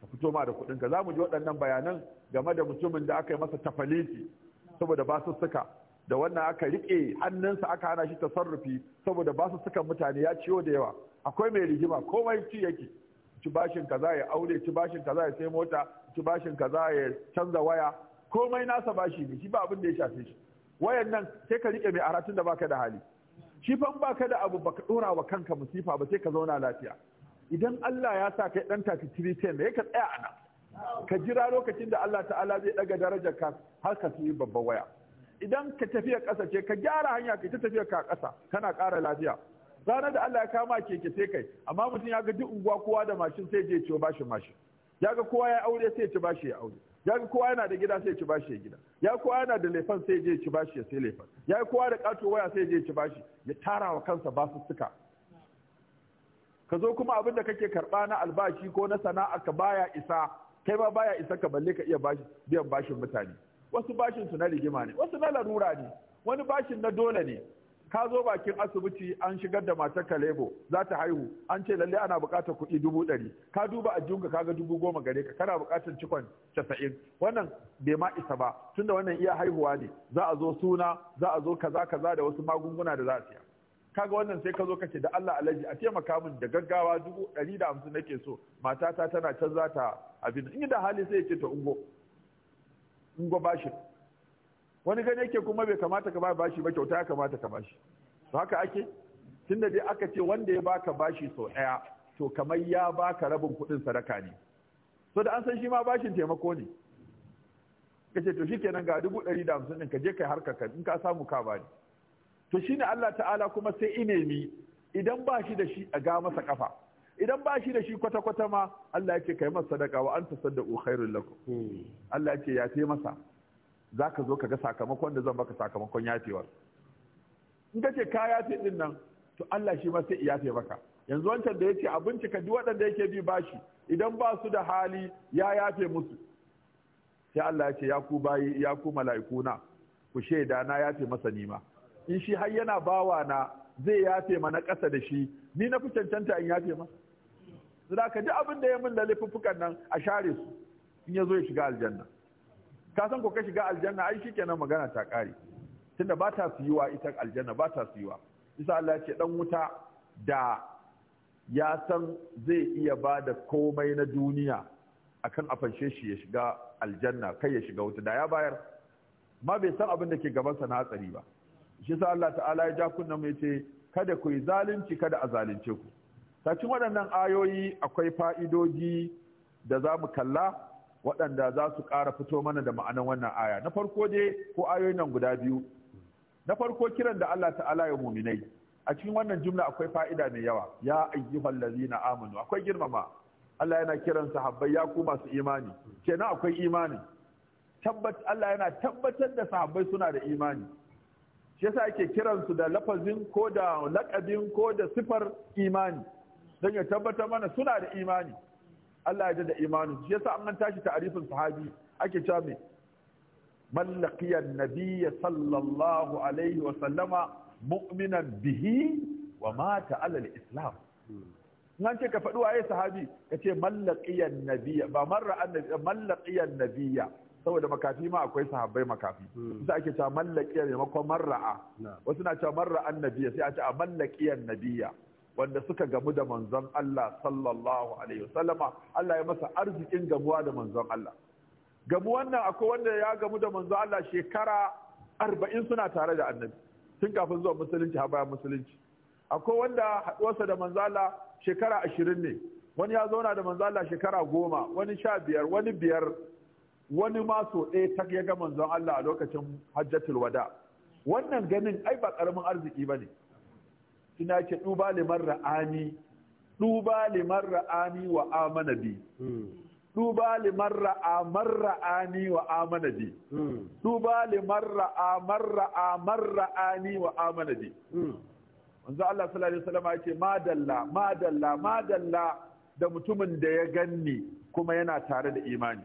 ta fito ma da kuɗinka za mu ji waɗannan bayanan game da mutumin da aka yi masa tafaliti saboda basussuka da wannan aka riƙe hannunsa aka hana shi tasarrufi saboda ba su suka mutane ya ciwo da yawa akwai mai rigima komai ci yake ci bashin kaza ya aure ci bashin kaza ya sai mota ci bashin kaza ya canza waya komai nasa bashi ne shi ba abin da ya shafe shi wayan nan sai ka riƙe mai aratun da baka da hali shi fa baka da abu baka dora wa kanka musifa ba sai ka zauna lafiya idan Allah ya sa kai dan 33 ne ka tsaya ana ka jira lokacin da Allah ta'ala zai daga darajar ka har ka yi babban waya idan ka tafiya ƙasa ce ka gyara hanya ka ta tafiya ka ƙasa kana ƙara lafiya ranar da Allah ya kama keke sai kai amma mutum ya ga duk unguwa kowa da mashin sai je ciwo bashi mashin ya ga kowa ya aure sai ci bashi ya aure ya ga kowa yana da gida sai ci bashi ya gida ya kowa yana da laifan sai je ci bashi ya sai laifan ya ga kowa da ƙato waya sai je ci bashi ya tara wa kansa basussuka ka zo kuma abin da kake karɓa na albashi ko na sana'a ka baya isa kai ma baya isa ka balle ka iya biyan bashin mutane wasu bashin su na rigima ne wasu na larura ne wani bashin na dole ne ka zo bakin asibiti an shigar da matar ka lebo za ta haihu an ce lalle ana buƙatar kuɗi dubu ɗari ka duba a ka kaga dubu goma gare ka kana buƙatar cikon casa'in wannan bai ma isa ba tunda wannan iya haihuwa ne za a zo suna za a zo kaza kaza da wasu magunguna da za a siya ga wannan sai ka zo kace da Allah alaji a taimaka min da gaggawa dubu ɗari da hamsin nake so matata tana can za ta abin in da hali sai ya ce ta ungo in go bashi wani gani yake kuma bai kamata ka ba bashi ba kyauta ya kamata ka bashi to haka ake tunda dai aka ce wanda ya baka bashi sau ɗaya to kamar ya baka rabin kuɗin sadaka ne so da an san shi ma bashin taimako ne kace to shikenan ga dubu ɗari da hamsin ɗin ka je kai harka ka in ka samu ka bani to shine Allah ta'ala kuma sai inemi idan ba shi da shi a ga masa kafa idan ba shi da shi kwata-kwata ma Allah ya ce kai masa sadaka wa anta saddaqu khairul lakum hmm. Allah ya ce ya ce masa zaka zo ka ga sakamakon da zan baka sakamakon yafewar in ka ce ka yafe din nan to Allah shi ma sai ya yafe maka yanzu wancan da ce, a bincika duk waɗanda yake bi bashi idan ba su da hali ya yafe musu sai Allah ya ce ya ku bayi ya ku mala'ikuna ku shaida na yafe masa nima in shi har yana bawa na zai yafe mana ƙasa da shi ni na fi cancanta in yafe masa zira ka ji abin da ya min da laifuffukan nan a share su in ya zo ya shiga aljanna ka san ko ka shiga aljanna ai kenan magana ta kare tunda ba ta siyuwa ita aljanna ba ta siyuwa isa Allah ce dan wuta da ya san zai iya ba da komai na duniya akan a fanshe shi ya shiga aljanna kai ya shiga wuta da ya bayar ma bai san abin da ke sa na hatsari ba shi sa Allah ta'ala ya ja kunna mai ce kada ku yi zalunci kada a zalunce ku cikin waɗannan ayoyi akwai fa'idoji da za mu kalla waɗanda za su ƙara fito mana da ma'anan wannan aya na farko dai ko ayoyin nan guda biyu na farko kiran da Allah ta'ala ya muminai a cikin wannan jumla akwai fa'ida mai yawa ya ayyuhal na Aminu, akwai girmama Allah yana kiran sahabbai ya ku masu imani kenan akwai imani Allah yana tabbatar da sahabbai suna da imani shi yasa ake kiransu da lafazin ko da laƙabin ko da sifar imani don ya tabbatar mana suna da imani Allah ya da imanin shi yasa an tashi ta'arifin sahabi ake cewa me man laqiya sallallahu alaihi wa sallama mu'minan bihi wa mata ala islam nan ce ka faɗi waye sahabi ka ce man laqiya nabiyya ba man ra'a nabiyya man laqiya nabiyya saboda makafi ma akwai sahabbai makafi hmm. sai ake cewa man laqiya maimakon man ra'a wasu na cewa man ra'a nabiyya sai a ce a man nabiyya wanda suka gamu da manzon Allah sallallahu alaihi wasallama Allah ya masa arzikin gamuwa da manzon Allah gamu wannan akwai wanda ya gamu da manzon Allah shekara arba'in suna tare da annabi tun kafin zuwa musulunci har bayan musulunci akwai wanda haɗuwarsa da manzon Allah shekara ashirin ne wani ya zauna da manzon Allah shekara goma wani sha biyar wani biyar wani maso ɗaya ta ya ga manzon Allah a lokacin hajjatul wada wannan ganin ai ba ƙaramin arziki ba ne suna ke duba liman ra'ani duba liman ra'ani wa amana bi duba liman ra'a ra'ani wa amana bi duba liman ra'a man ra'ani wa amana bi hmm. wanzu hmm. Allah sallallahu alaihi wasallam yace madalla madalla madalla da mutumin da ya ganni kuma yana tare da imani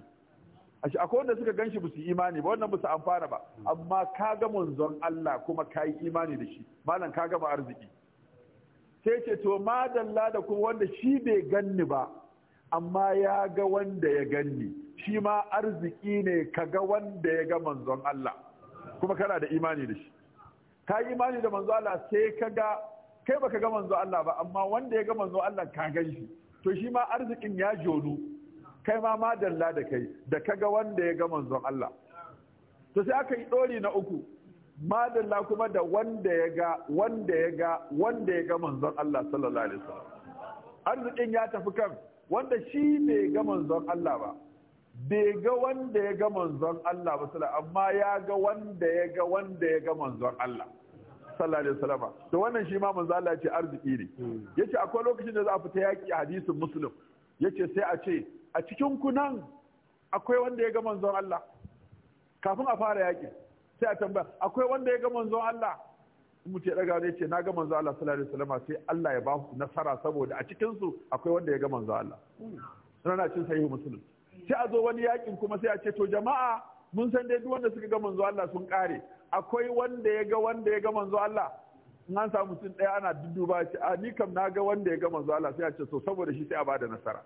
ashe akwai wanda suka ganshi basu imani ba wannan basu amfana ba hmm. amma ka ga manzon Allah kuma ka yi imani da shi malam ka gama arziki sai ce to madalla da kuma wanda shi bai ganni ba amma ya ga wanda ya ganni shi ma arziki ne ka ga wanda ya ga manzon Allah kuma kana da imani da shi ka yi imani da manzon Allah sai ka ga kai baka ga manzon Allah ba amma wanda ya ga manzon Allah ka gan shi to shi ma arzikin ya jodu kai ma madalla da kai da ka ga wanda ya ga manzon Allah to sai aka yi dori na uku madalla kuma da wanda ya ga wanda ya ga wanda ya ga manzon Allah sallallahu alaihi wasallam arzikin ya tafi kan wanda shi bai ga manzon Allah ba bai ga wanda ya ga manzon Allah ba sallallahu amma ya ga wanda ya ga wanda ya ga manzon Allah sallallahu alaihi wasallam to wannan shi ma manzon Allah ce arziki ne yace akwai lokacin da za a fita yaki hadisin muslim yace sai a ce a cikin kunan akwai wanda ya ga manzon Allah kafin a fara yakin sai a tambaya akwai wanda ya ga manzon Allah mutum ya daga ne ce na ga manzon Allah sallallahu alaihi wasallam sai Allah ya ba ku nasara saboda a cikin su akwai wanda ya ga manzon Allah na cin sahihu muslim sai a zo wani yakin kuma sai a ce to jama'a mun san dai duk wanda suka ga manzon Allah sun kare akwai wanda ya ga wanda ya ga manzon Allah in an samu mutum ɗaya ana dudduba ce a ni kam na ga wanda ya ga manzon Allah sai a ce to saboda shi sai a bada nasara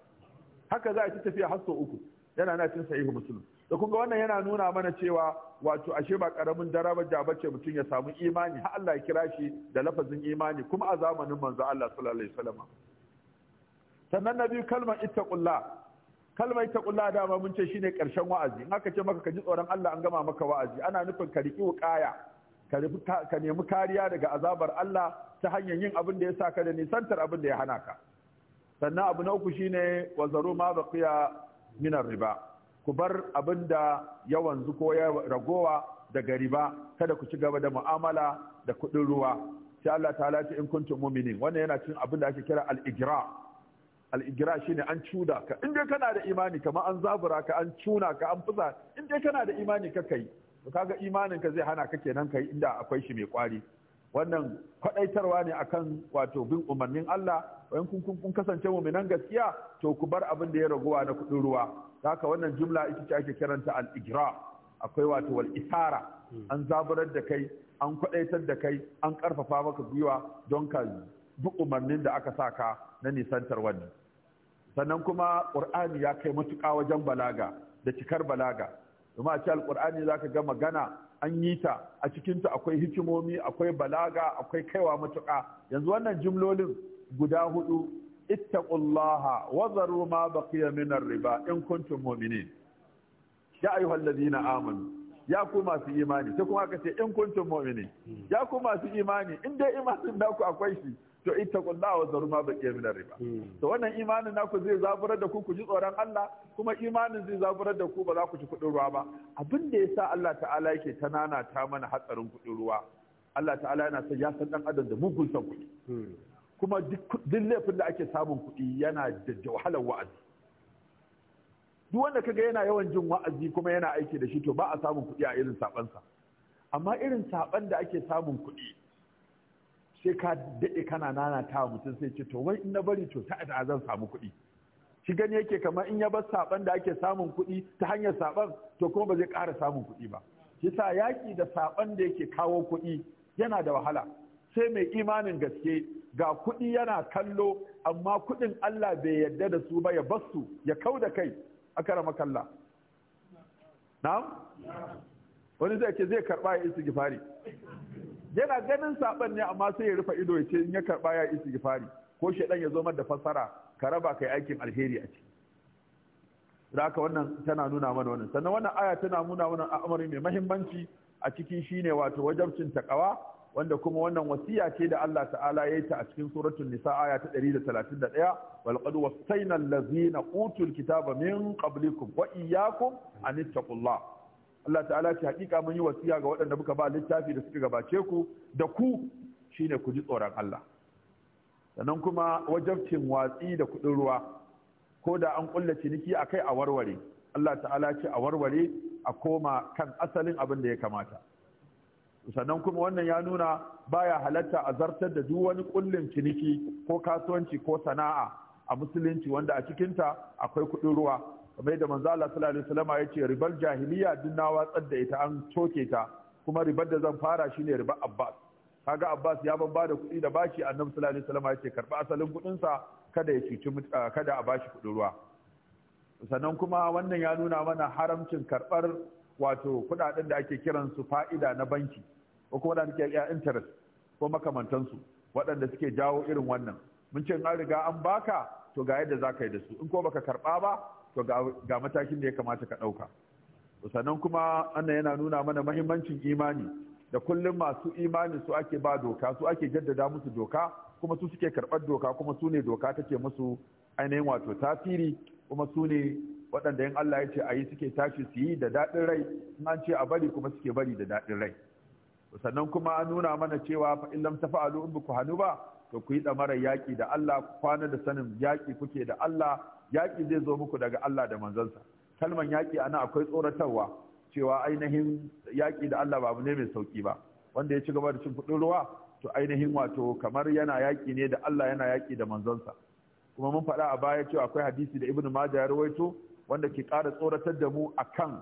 haka za a ci tafiya hasso uku yana na cin sahihu muslim da ga wannan yana nuna mana cewa wato ashe ba karamin daraba da bace mutum ya samu imani har Allah ya kira shi da lafazin imani kuma a zamanin manzo Allah sallallahu alaihi wasallam sannan nabi kalmar ittaqullah kalmar ittaqullah dama mun ce shine karshen wa'azi in aka ce maka ka ji tsoron Allah an gama maka wa'azi ana nufin ka riki wuqaya ka nemi kariya daga azabar Allah ta hanyar yin abin da ya saka da nisantar abin da ya hana ka sannan abu na uku shine wazaru ma baqiya minar riba ku bar abin da ya wanzu ko ya ragowa daga riba kada ku ci gaba da mu'amala da kuɗin ruwa sai Allah ta'ala ce in kuntum mu'minin wannan yana cin abin da ake kira al-ijra al-ijra an cuda ka in dai kana da imani kamar an zabura ka an cuna ka an fusa in dai kana da imani ka kai to kaga imanin ka zai hana ka kenan kai inda akwai shi mai kwari wannan kwadaitarwa ne akan wato bin umarnin Allah wayan kun kun kasance mu'minan gaskiya to ku bar abin da ya raguwa na kudin ruwa haka wannan jumla ita ce ake kiranta al akwai wato wal isara hmm. an zaburar da kai an kwadaitar da kai an karfafa maka gwiwa don ka bi umarnin da aka saka na nisantar wani. sannan kuma qur'ani ya kai matuƙa wajen balaga da cikar balaga kuma a ce zaka ga magana an yi ta a cikinta akwai hikimomi akwai balaga akwai kaiwa matuƙa yanzu wannan jimlolin guda hudu ittaqullaha wa zaru ma baqiya min riba in kuntum mu'minin ya ayyuhal ladina amanu ya ku masu imani sai kuma aka ce in kuntum mu'minin ya ku masu imani in dai imanin naku akwai shi to ita kulla wa zaru ma baqiya min riba hmm. to wannan imanin naku zai zaburar da ku ku ji tsoron Allah kuma imanin zai zaburar da ku ba za ku ci kudin ruwa ba abin da yasa Allah ta'ala yake ta nana ta mana hatsarin kudin ruwa Allah ta'ala yana son ya san dan adam da mugun san kuɗi hmm. kuma duk laifin da ake samun kuɗi yana da jawhalar wa'azi duk wanda kaga yana yawan jin wa'azi kuma yana aiki da shi to ba a samun kuɗi a irin sabansa amma irin saban da ake samun kuɗi sai ka daɗe kana nana ta mutum sai ce to wai in na bari to ta da zan samu kuɗi shi gani yake kamar in ya bar saban da ake samun kuɗi ta hanyar saban to kuma ba zai ƙara samun kuɗi ba sa yaƙi da saban da yake kawo kuɗi yana da wahala sai mai imanin gaske ga kuɗi yana kallo amma kuɗin Allah bai yarda da su ba ya basu ya kau da kai akara makalla na'am wani zai ce zai karɓa ya isa gifari yana ganin saban ne amma sai ya rufe ido ya ce in ya karba ya istighfari ko shaidan ya zo mar da fassara ka raba kai aikin alheri a ciki haka wannan tana nuna mana wannan sannan wannan aya tana nuna mana al'amari mai mahimmanci a ciki shine wato wajabcin takawa wanda kuma wannan wasiya ce da Allah ta'ala ya yi ta a cikin suratul nisa aya ta 131 wal qad wasaina allazina utul kitaba min qablikum wa iyyakum an ittaqullah Allah ta'ala ce hakika mun yi wasiya ga waɗanda muka ba littafi da suka gabace ku da ku shine ku ji tsoron Allah sannan kuma wajabcin watsi da kuɗin ruwa ko da an kulla ciniki a kai a warware Allah ta'ala ce a warware a koma kan asalin abin da ya kamata sannan kuma wannan ya nuna baya halatta a zartar da duk wani kullin ciniki ko kasuwanci ko sana'a a musulunci wanda a cikinta akwai kuɗin ruwa kamar da manzo Allah sallallahu alaihi wasallam ya ce ribar jahiliya duk na watsar da ita an toke ta kuma ribar da zan fara shine ribar Abbas kaga Abbas ya ban bada kuɗi da bashi annabi sallallahu alaihi wasallam ya ce karba asalin kuɗin sa kada ya cuci kada a bashi kuɗin ruwa sannan kuma wannan ya nuna mana haramcin karbar wato kuɗaɗen da ake kiran su fa'ida na banki ko kuma da nake ya interest ko makamantansu waɗanda suke jawo irin wannan mun ce an riga an baka to ga yadda zaka yi da su in ko baka karɓa ba to ga matakin da ya kamata ka ɗauka sannan kuma annan yana nuna mana mahimmancin imani da kullum masu imani su ake ba doka su ake jaddada musu doka kuma su suke karɓar doka kuma su ne doka take musu ainihin wato tasiri kuma su ne waɗanda yin Allah ya ce a yi suke tashi su yi da daɗin rai in an ce a bari kuma suke bari da daɗin rai sannan kuma an nuna mana cewa fa in lam tafa'alu in ku hannu ba to ku yi ɗamarar yaƙi da Allah kwana da sanin yaƙi kuke da Allah yaƙi zai zo muku daga Allah da manzansa kalman yaƙi ana akwai tsoratarwa cewa ainihin yaƙi da Allah ba abu ne mai sauƙi ba wanda ya ci gaba da cin kuɗin ruwa to ainihin wato kamar yana yaƙi ne da Allah yana yaƙi da manzansa kuma mun faɗa a baya cewa akwai hadisi da Ibn Majah ya rawaito wanda ke ƙara tsoratar da mu akan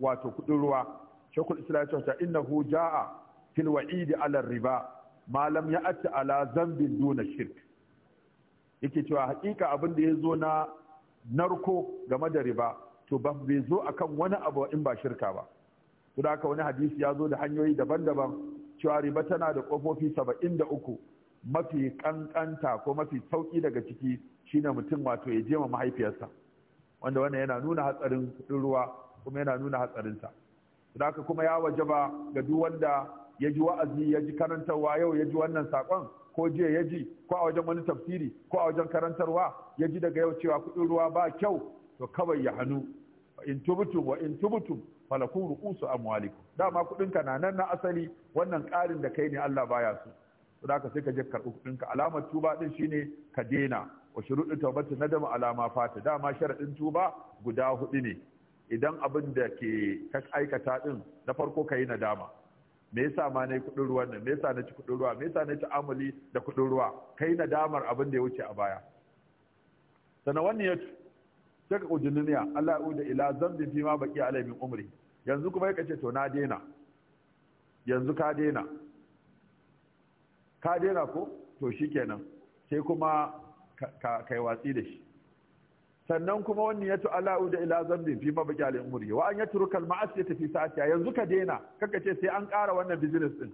wato kuɗin ruwa shekul Isra ya ce innahu ja'a fil wa'idi ala riba malam lam ya'ti ala zambin duna shirk yake cewa hakika abin da ya zo na narko game da riba to ba bai zo akan wani abu in ba shirka ba to da haka wani hadisi ya zo da hanyoyi daban-daban cewa riba tana da kofofi saba'in da uku mafi kankanta ko mafi sauki daga ciki shine mutum wato ya jema mahaifiyarsa wanda wannan yana nuna hatsarin kudin ruwa kuma yana nuna hatsarinsa da haka kuma ya ba ga duk wanda ya ji wa'azi ya ji karantarwa yau ya ji wannan saƙon? ko jiya ya ji ko a wajen wani tafsiri ko a wajen karantarwa ya ji daga yau cewa kuɗin ruwa ba kyau to kawai ya hannu in tubutu wa in tubutu falakun ru'usu amwalikum dama kuɗinka na nan na asali wannan ƙarin da kai ne Allah baya so to da sai ka je karɓi kuɗinka. alamar tuba din shine ka dena wa shuruɗu tawbati dama alama fata dama sharaɗin tuba guda hudu ne idan abin da ke ka aikata din na farko ka yi nadama me yasa ma nayi kudin ruwan nan me yasa na ci kudin ruwa me yasa na ci amali da kudin ruwa kai nadamar abin da ya wuce a baya sana wannan ya ci sai ka kuji duniya Allah ya ila zambi fi ma baki alai min umri yanzu kuma yake ce to na dena yanzu ka dena ka dena ko to shikenan sai kuma ka kai watsi da shi sannan kuma wani ya ala uda ila zambi fi ma baki al umri wa an yatruka al ma'asiyata fi sa'ati yanzu ka daina kaka ce sai an ƙara wannan business din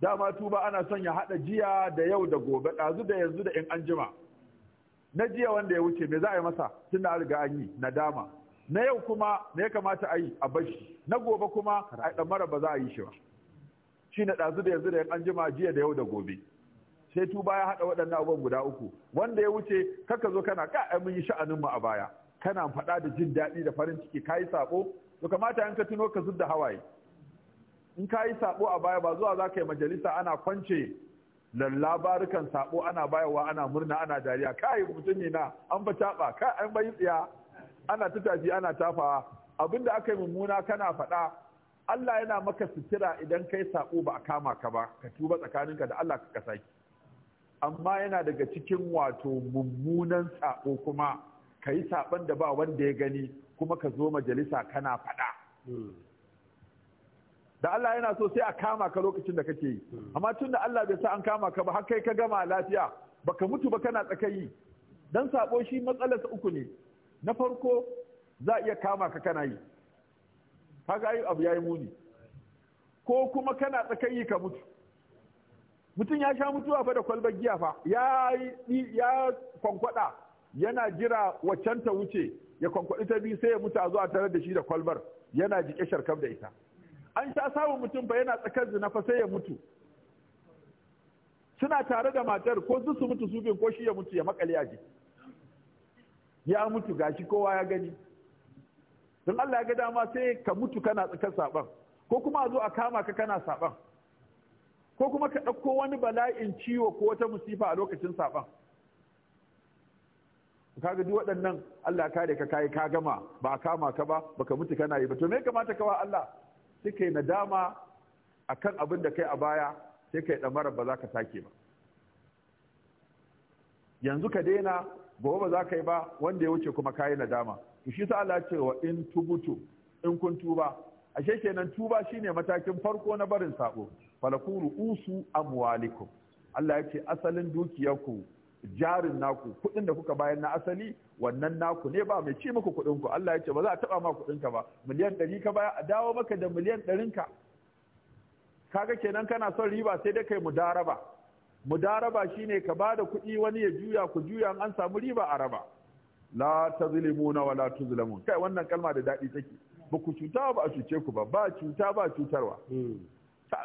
dama tuba ana son ya hada jiya da yau da gobe ɗazu da yanzu da in an jima na jiya wanda ya wuce me za a yi masa tun da riga an yi nadama na yau kuma me ya kamata a yi a bashi na gobe kuma a ɗamara ba za a yi shi ba shi na ɗazu da yanzu da in an jima jiya da yau da gobe sai tuba ya haɗa waɗannan abubuwan guda uku wanda ya wuce kaka zo kana ka mun yi sha'anin mu a baya kana faɗa da jin daɗi da farin ciki kayi sabo to kamata in ka tuno ka zudda hawaye in kayi sabo a baya ba zuwa za yi majalisa ana kwance lallabarukan sabo ana bayarwa, ana murna ana dariya kai mutum ne na an ba taɓa kai an bai tsiya ana ta tafi ana tafawa abinda aka yi mummuna kana faɗa Allah yana maka sutura idan kai saɓo ba a kama ka ba ka tuba tsakaninka da Allah ka kasaki amma yana daga cikin wato mummunan saɓo kuma ka yi saɓon da ba wanda ya gani kuma ka zo majalisa kana faɗa hmm. da Allah yana so sai a kama ka lokacin da kake yi hmm. amma tun da Allah bai sa an kama ka ba har kai ka gama lafiya baka mutu ba kana tsakayi dan sabo shi matsalar uku ne na farko za iya kama ka kana yi kaga abu yayi muni ko kuma kana tsakayi ka mutu mutum ya sha mutuwa fa da kwalbar giya fa ya ya kwankwada yana jira waccan ta wuce ya kwankwadi ta biyu sai ya mutu a zuwa tare da shi da kwalbar yana jike sharkar da ita an sha samun mutum fa yana tsakar zina fa sai ya mutu suna tare da matar ko su su mutu su ko shi ya mutu ya makale a ji. ya mutu gashi kowa ya gani don Allah ya ga dama sai ka mutu kana tsakar saban ko kuma a zo a kama ka kana saban ko kuma ka ɗauko wani bala'in ciwo ko wata musifa a lokacin saɓan kaga duk waɗannan Allah kare ka kai ka gama ba kama ka ba baka mutu kana yi ba to me kamata kawa Allah sai kai nadama akan abin da kai a baya sai kai damara ba za ka sake ba yanzu ka daina gobe ba za ka yi ba wanda ya wuce kuma kayi nadama to shi sa Allah ce in tubutu in kun tuba ashe kenan tuba shine matakin farko na barin saɓo. falaku ru'usu amwalikum Allah ya ce asalin dukiyarku jarin naku kudin da kuka bayar na asali wannan naku ne ba mai ci muku kuɗin ku Allah ya ce ba za a taba ma kuɗin ka ba miliyan ɗari ka baya a dawo maka da miliyan ɗarinka. ka kaga kenan kana son riba sai dai kai mudaraba mudaraba shine ka bada kuɗi wani ya juya ku juya an samu riba a raba la tazlimuna wa la tuzlamun kai wannan kalma da daɗi take ba ku cuta ba a cuce ku ba ba cuta ba cutarwa hmm.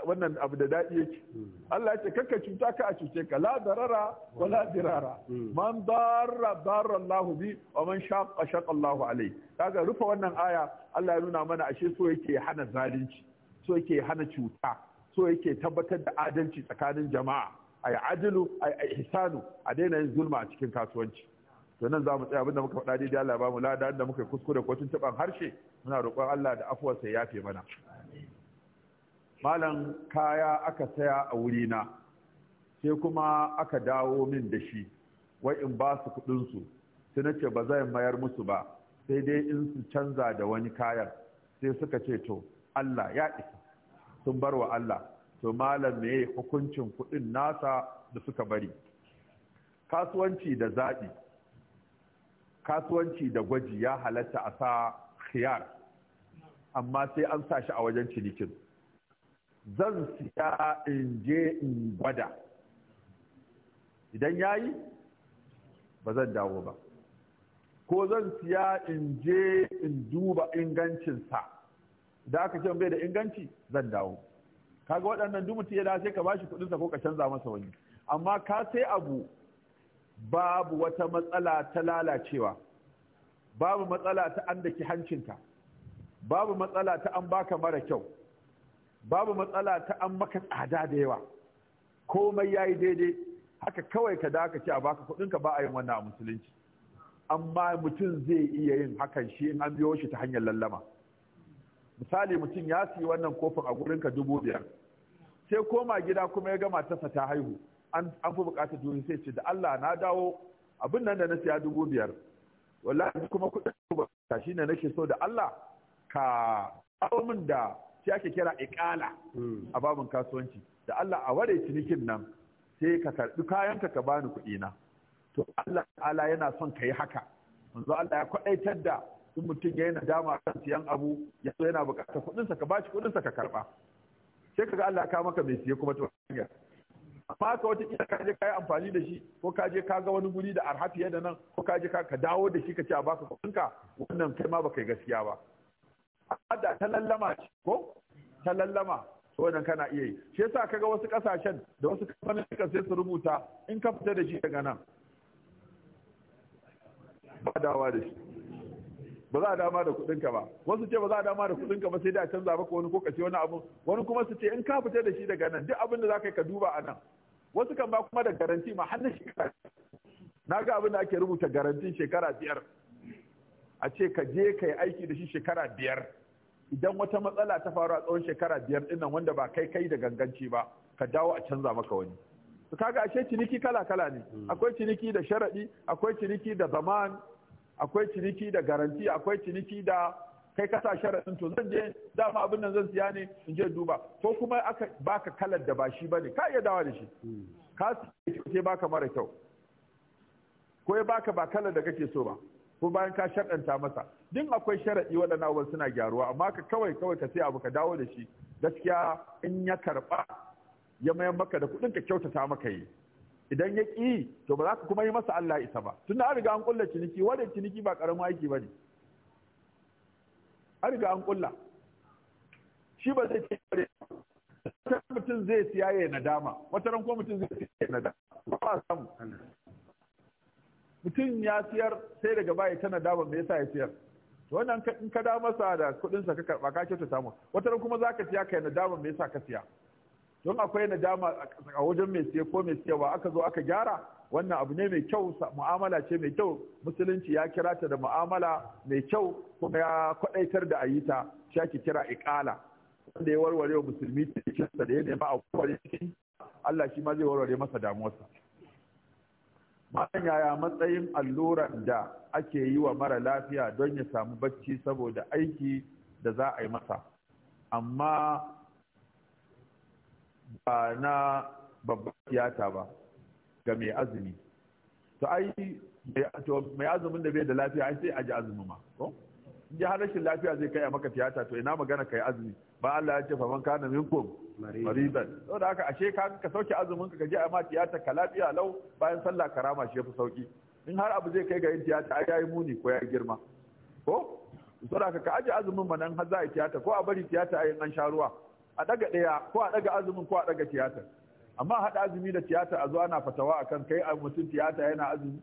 wannan abu da daɗi yake hmm. Allah ce kakka cuta ka a cuce ka la darara wa la dirara hmm. man darra darra Allah bi wa man shaqqa shaqqa Allah alai kaga rufe wannan aya Allah ya nuna mana ashe so yake hana zalunci so yake hana cuta so yake tabbatar da adalci tsakanin jama'a ai ajilu ai ihsanu a daina yin zulma a cikin kasuwanci to nan zamu mu tsaya abinda muka faɗa da Allah ya ba mu lada da muka kuskure ko taban harshe muna roƙon Allah da afuwarsa ya yafe mana malam kaya aka saya a wurina sai kuma aka dawo min da shi wai in ba su kuɗinsu sai na ce ba zai mayar musu ba sai dai in su canza da wani kayan sai suka ce to Allah ya isa sun bar wa Allah to malam me hukuncin kuɗin nasa da suka bari kasuwanci da zaɓi kasuwanci da gwaji ya halatta a sa khiyar amma sai an sa shi a wajen cinikin zan siya in je in gwada idan ya yi ba zan dawo ba ko zan siya in je in duba ingancinsa da aka ce bai da inganci zan dawo kaga waɗannan duk mutum ya sai ka bashi kuɗinsa ko ka canza masa wani amma ka sai abu babu wata matsala ta lalacewa babu matsala ta an daki hancinka babu matsala ta an baka mara kyau babu matsala ta an maka tsada da yawa komai ya yi daidai haka kawai ka da ka ce a baka kuɗin ka ba a yin wannan a musulunci amma mutum zai iya yin hakan shi in an biyo shi ta hanyar lallama misali mutum ya siyi wannan kofin a gurinka dubu biyar sai koma gida kuma ya gama tasa ta haihu an fi bukatar duniya sai ce da Allah na dawo abin nan da na siya dubu biyar wallahi kuma kuɗin ba shi ne nake so da Allah ka kawo min da shi ake kira ikala hmm. a babin kasuwanci da Allah a ware cinikin nan sai ka karbi kayanka ka bani kuɗi na to Allah ta'ala yana son ka yi haka Wanzu Allah ya kwaɗaitar da in mutum ya yi nadama kan siyan abu ya so yana buƙatar kuɗinsa ka bashi kuɗinsa ka karba sai ga Allah ka maka mai siye kuma ta hanyar amma ka wata kila ka je ka yi amfani da shi ko ka je ka ga wani guri da arha fiye da nan ko ka je ka dawo da shi ka ce a baka kuɗin ka wannan kai ma baka yi gaskiya ba da ta lallama ce ko ta lallama wannan kana iya yi shi yasa kaga wasu kasashen da wasu kamfanin suka sai su rubuta in ka fita da shi daga nan ba dawa da shi ba za a dama da kuɗinka ba wasu ce ba za a dama da kuɗinka ba sai da canza maka wani ko kace wani abu wani kuma su ce in ka fita da shi daga nan duk abin da za ka yi ka duba a nan wasu kan ba kuma da garanti ma hannun shekara na ga abin da ake rubuta garantin shekara biyar a ce ka je ka yi aiki da shi shekara biyar idan wata matsala ta faru a tsawon shekara biyar dinnan wanda ba kai kai da ganganci ba ka dawo a canza maka wani to kaga ashe ciniki kala kala ne hmm. akwai ciniki da sharadi akwai ciniki da zaman akwai ciniki da garanti akwai ciniki da kai ka sa sharadin to zan je dama abin nan zan siya ne in je duba ko kuma aka baka kalar da ba shi bane ka iya dawa da shi hmm. ka ce baka mara kyau ko ya baka ba kalar da kake so ba ko bayan ka sharɗanta masa din akwai sharaɗi waɗannan abubuwan suna gyaruwa amma ka kawai kawai ka sai abu ka dawo da shi gaskiya in ya karɓa ya mayan maka da kuɗin ka kyautata maka yi idan ya ƙi to ba za ka kuma yi masa Allah isa ba tun da an riga an ƙulla ciniki wannan ciniki ba ƙaramin aiki ba ne an riga an ƙulla shi ba zai ce bare wata mutum zai siya ya nadama wata ran ko mutum zai siya ya nadama ba ba samu mutum ya siyar sai daga baya ta nadama me yasa ya siyar to wannan in ka da masa da kuɗin sa ka karba ka kyauta samu wata ran kuma zaka siya kai nadama me yasa ka siya don akwai nadama a wajen mai siya ko mai siyawa aka zo aka gyara wannan abu ne mai kyau mu'amala ce mai kyau musulunci ya kira ta da mu'amala mai kyau kuma ya kwadaitar da ayita shi ake kira iqala wanda ya warware wa musulmi cikin da ya nema a kwarin Allah shi ma zai warware masa damuwarsa malam yaya matsayin alluran da ake yi wa mara lafiya don ya samu bacci saboda aiki da za a yi masa amma ba na babban tiyata ba ga mai azumi to ai mai azumin da bai da lafiya ai sai a ji azumi ma ko in ji rashin lafiya zai kai a maka tiyata to ina magana kai azumi ba Allah ya ce fa kana minkum maridan da haka ashe ka ka sauke azumin ka je a ma tiyata ka lafiya lau bayan sallah karama shi yafi sauki in har abu zai kai ga yin tiyata ai yayi muni ko yayi girma ko da haka ka aje azumin ma nan har za a tiyata ko a bari tiyata a yin an sha ruwa a daga daya ko a daga azumin ko a daga tiyata amma haɗa azumi da tiyata a zo ana fatawa akan kai a mutum tiyata yana azumi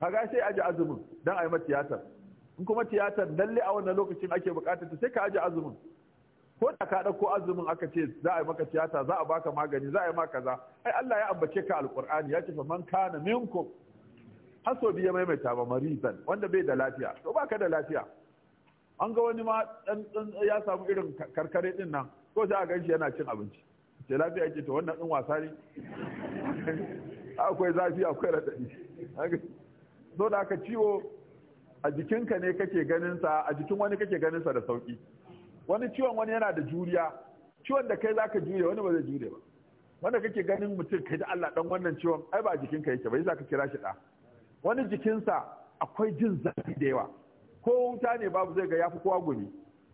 kaga sai aje azumin dan a yi ma tiyatar in kuma tiyatar lalle a wannan lokacin ake bukatar ta sai ka aje azumin ko da ka ɗauko azumin aka ce za a yi maka tiyata za a baka magani za a yi maka kaza ai Allah ya ambace ka alqur'ani ya ce fa man kana minkum haso biya maimaita ba maridan wanda bai da lafiya to baka da lafiya an ga wani ma dan ya samu irin karkare din nan ko sai a ganshi yana cin abinci sai lafiya yake to wannan din wasa ne akwai zafi akwai radadi so da aka ciwo a jikinka ne kake ganin sa a jikin wani kake ganin sa da sauki wani ciwon wani yana da juriya ciwon da kai zaka jure wani ba zai jure ba wanda kake ganin mutum kai da Allah dan wannan ciwon ai ba jikinka yake ba yasa ka kira shi da wani jikinsa akwai jin zafi da yawa ko wuta ne babu zai ga yafi kowa gumi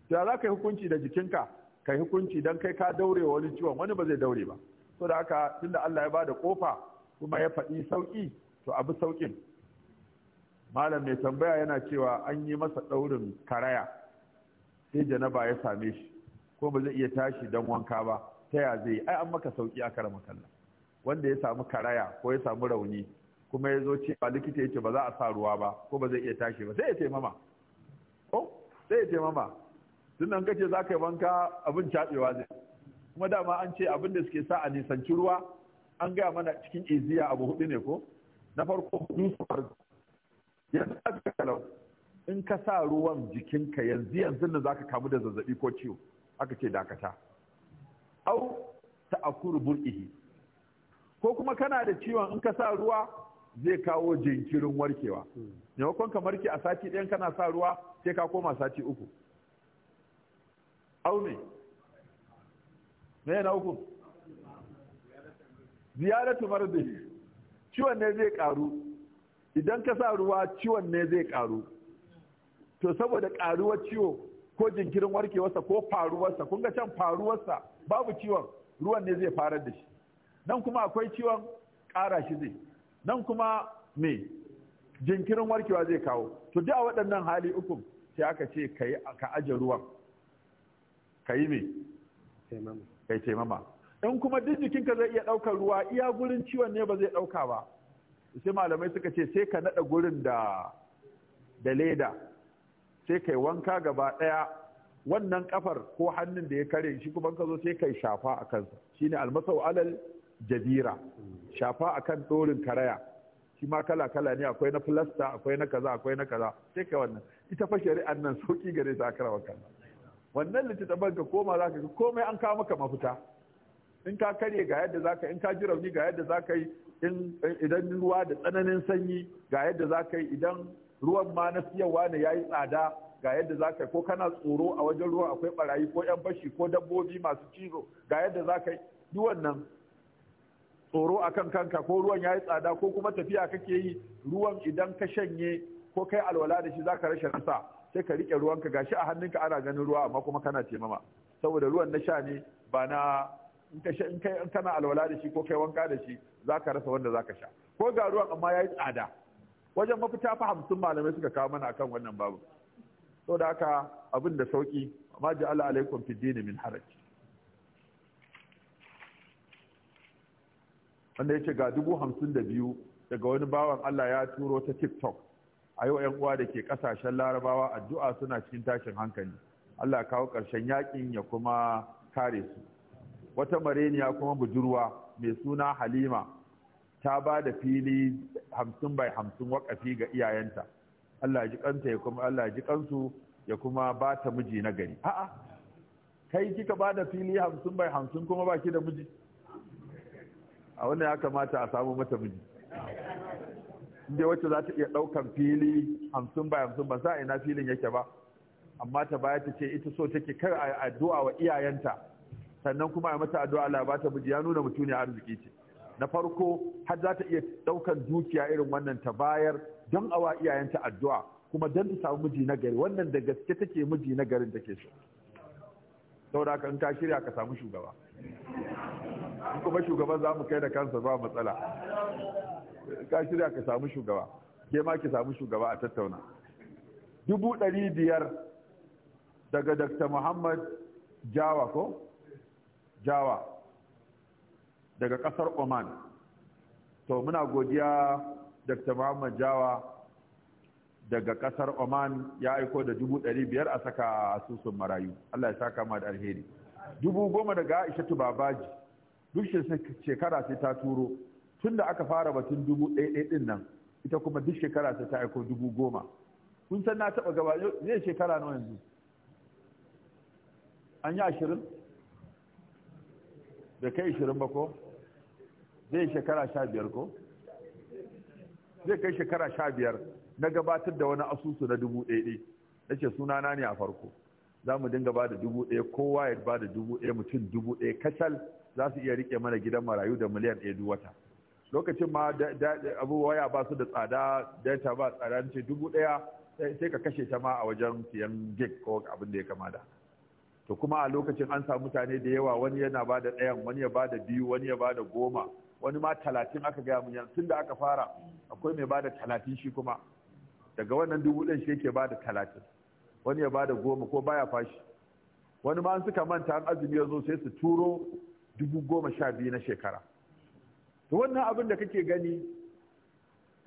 da za ka yi hukunci da jikinka ka yi hukunci dan kai ka daure wani ciwon wani ba zai daure ba so da haka tunda Allah ya bada kofa kuma ya faɗi sauki to abu saukin malam mai tambaya yana cewa an yi masa daurin karaya sai janaba ya same shi ko ba zai iya tashi don wanka ba ta ya zai ai an maka sauki aka rama kalla wanda ya samu karaya ko ya samu rauni kuma ya zo cewa likita yake ba za a sa ruwa ba ko ba zai iya tashi ba sai ya taimama ko sai ya taimama tun nan kace za ka yi wanka abin cabewa zai kuma dama an ce abin da suke sa a nisanci ruwa an gaya mana cikin iziya abu hudu ne ko na farko dusu su yanzu a cikin kalau in ka sa ruwan jikinka yanzu yanzu da ka kamu da zazzabi ko ciwo aka ce dakata au ta Akuru bur'ihi ko kuma kana da ciwon in ka sa ruwa zai kawo jinkirin warkewa maimakon kamar ki a sati ɗayan kana sa ruwa sai ka koma sati uku au ne na yana uku ziyaratu mardi ciwon ne zai karu idan ka sa ruwa ciwon ne zai karu to saboda karuwar ciwo ko jinkirin warkewarsa ko faruwarsa kun ga can faruwarsa babu ciwon ruwan ne zai farar da shi nan kuma akwai ciwon ƙara shi zai nan kuma me jinkirin warkewa zai kawo to da waɗannan hali uku sai aka ce ka aje ruwan ka yi me kai taimama in kuma duk jikinka zai iya ɗaukar ruwa iya gurin ciwon ne ba zai ɗauka ba sai malamai suka ce sai ka naɗa gurin da da leda sai kai wanka gaba ɗaya wannan kafar ko hannun da ya kare shi kuma ka zo sai kai shafa a kansa shine almasau alal jazira shafa akan dorin karaya shi ma kala kala ne akwai na filasta akwai na kaza akwai na kaza sai kai wannan ita fa shari'an nan sauki gare ta akara wa kanka wannan littattafan ka koma za ka komai an kawo maka mafita in ka karye ga yadda za ka in ka ji rauni ga yadda za ka yi idan ruwa da tsananin sanyi ga yadda za ka yi idan ruwan ma na siyarwa ne yi tsada ga yadda za ka ko kana tsoro a wajen ruwa akwai barayi ko yan bashi ko dabbobi masu cizo ga yadda za ka yi wannan tsoro a kan kanka ko ruwan ya yi tsada ko kuma tafiya kake yi ruwan idan ka shanye ko kai alwala da shi za ka rashin nasa sai ka rike ruwanka gashi a hannunka ana ganin ruwa amma kuma kana taimama saboda ruwan na sha ne ba na in kana alwala da shi ko kai wanka da shi za ka rasa wanda za ka sha ko ga ruwan amma ya yi tsada wajen mafita fa hamsin malamai suka kawo mana akan wannan babu da haka abin da sauki ma ja'ala alaikum fid min haraj wanda ce ga dubu hamsin da biyu daga wani bawan Allah ya turo ta TikTok a yau ‘yan uwa da ke ƙasashen larabawa addu'a suna cikin tashin hankali Allah kawo ƙarshen yakin ya kuma kare su wata mareniya kuma budurwa mai suna halima ta ba da fili hamsin bai hamsin wakafi ga iyayenta Allah ji kanta ya kuma Allah ji kansu ya kuma ba ta miji na gari a'a kai kika ba da fili hamsin bai hamsin kuma ba ki da miji a wannan ya kamata a samu mata miji inda wacce za ta iya ɗaukan fili hamsin bai hamsin ba za a ina filin yake ba amma ta baya ta ce ita so take kar a addu'a wa iyayenta sannan kuma a mata addu'a Allah ba ta miji ya nuna mutune arziki ce na farko har za ta iya ɗaukar dukiya irin wannan ta bayar don awa iyayenta addu'a kuma don ta samu miji na gari wannan da gaske take miji na garin take so saboda haka in ka shirya ka samu shugaba kuma shugaban za mu kai da kansa ba matsala ka shirya ka samu shugaba ke ma ki samu shugaba a tattauna dubu ɗari biyar daga dr muhammad jawa ko jawa daga ƙasar oman to muna godiya dr muhammad jawa daga ƙasar oman ya aiko da dubu ɗari biyar a saka asusun marayu allah ya sa kama da alheri dubu goma daga Aisha aishatu babaji duk shekara sai ta turo tun da aka fara batun dubu ɗaya ɗin nan ita kuma duk shekara sai ta aiko dubu goma kun san na taɓa gaba zai shekara na yanzu an yi ashirin da kai ashirin ba ko zai shekara sha biyar ko zai kai shekara sha biyar na gabatar da wani asusu na dubu ɗaya na ce sunana ne a farko za mu dinga ba da dubu ɗaya kowa ya ba da dubu ɗaya mutum dubu ɗaya kacal za su iya rike mana gidan marayu da miliyan ɗaya duk wata lokacin ma abu waya ba su da tsada data ba tsada ce dubu ɗaya sai ka kashe ta ma a wajen siyan gig ko abin da ya kama da to kuma a lokacin an samu mutane da yawa wani yana ba da ɗayan wani ya ba biyu wani ya bada goma wani ma talatin aka gaya mun yanzu tunda aka fara akwai mai bada talatin shi kuma daga wannan dubu ɗin shi yake bada talatin wani ya bada goma ko baya fashi wani ma suka manta an azumi ya zo sai su turo dubu goma sha biyu na shekara to wannan abin da kake gani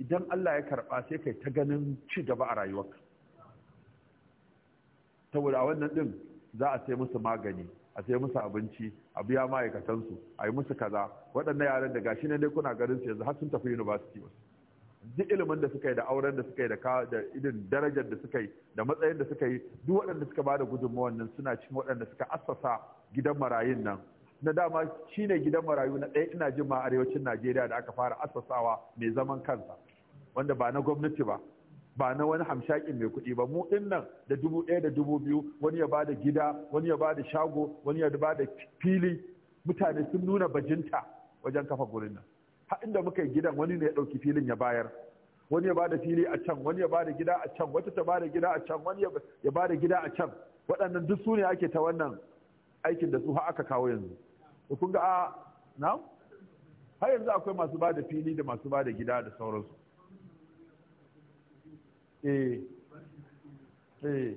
idan Allah ya karɓa sai kai ta ganin ci gaba a rayuwarka saboda a wannan ɗin za a sai musu magani a sai musu abinci a biya ma'aikatansu a yi musu kaza waɗannan yaran da gashi ne dai kuna garin su yanzu har sun tafi university wasu duk ilimin da suka yi da auren da suka yi da da irin darajar da suka yi da matsayin da suka yi duk waɗanda suka bada gudunmawar nan suna cikin waɗanda suka assasa gidan marayun nan na dama shine gidan marayu na ɗaya ina jin ma arewacin Najeriya da aka fara assasawa mai zaman kansa wanda ba na gwamnati ba ba na wani hamshakin mai kuɗi ba mu ɗin nan da dubu ɗaya da dubu biyu wani ya bada gida wani ya bada shago wani ya bada fili mutane sun nuna bajinta wajen kafa gurin nan Haɗin inda muka yi gidan wani ne ya ɗauki filin ya bayar wani ya bada fili a can wani ya bada gida a can wata ta bada gida a can wani ya bada gida a can waɗannan duk su ne ake ta wannan aikin da su har aka kawo yanzu kun ga a ah, na har yanzu akwai masu bada fili da masu bada gida da sauransu eh eh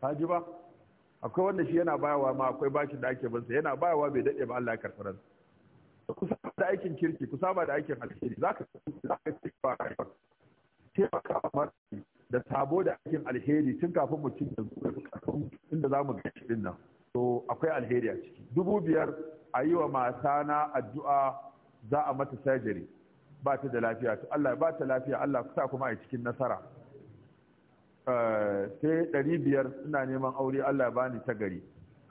haji ba akwai wanda shi yana bayawa ma akwai bashi da ake bansa. yana bayawa bai daɗe ba Allah ya karɓar ku saba da aikin kirki ku saba da aikin alheri za ka ci ba ka da sabo da aikin alheri tun kafin mutum da zo inda za mu gashi din nan to akwai alheri a ciki dubu biyar a yi wa na addu'a za a mata sajari ba ta da lafiya to Allah ba ta lafiya Allah sa kuma a cikin nasara eh, sai ɗari biyar ina neman aure Allah ba ni ta gari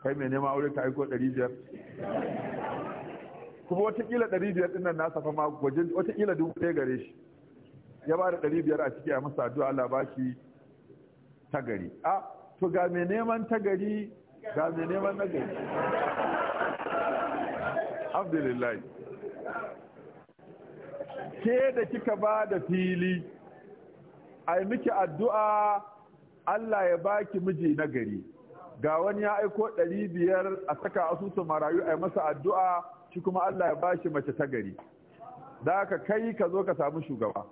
kai mai neman aure ka aiko ɗari biyar kuma watakila ɗari biyar ɗin nan na safa ma gwajin watakila dubu ɗaya gare shi ya ba da ɗari biyar a ciki a masa addu'a Allah ba shi ta gari a to ga mai neman ta gari ga mai neman na gari alhamdulillah ke da kika ba da fili ai miki addu'a Allah ya baki miji nagari. ga wani ya aiko ɗari biyar a saka asusun marayu a ai masa addu'a shi kuma Allah ya bashi mace ta gari da ka kai ka zo ka samu shugaba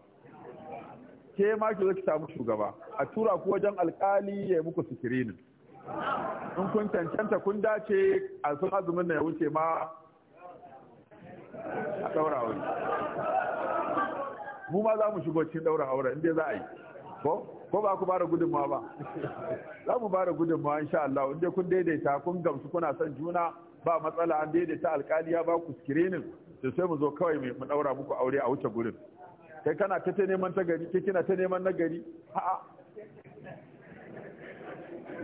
ke ma ki zo ki samu shugaba a tura ku wajen alkali ya yi muku sikirinin in kun cancanta kun dace a sun azumin na ya wuce ma a ɗaura mu ma za mu shigo cikin daura aure inda za a yi ko ko ba ku ba da gudunmawa ba za mu ba da gudunmawa insha Allah inda kun daidaita kun gamsu kuna son juna ba matsala an daidaita alkaliya ba ku screening to sai mu zo kawai mu daura muku aure a wuce gurin kai kana ta ta neman ta gari ke kina ta neman na gari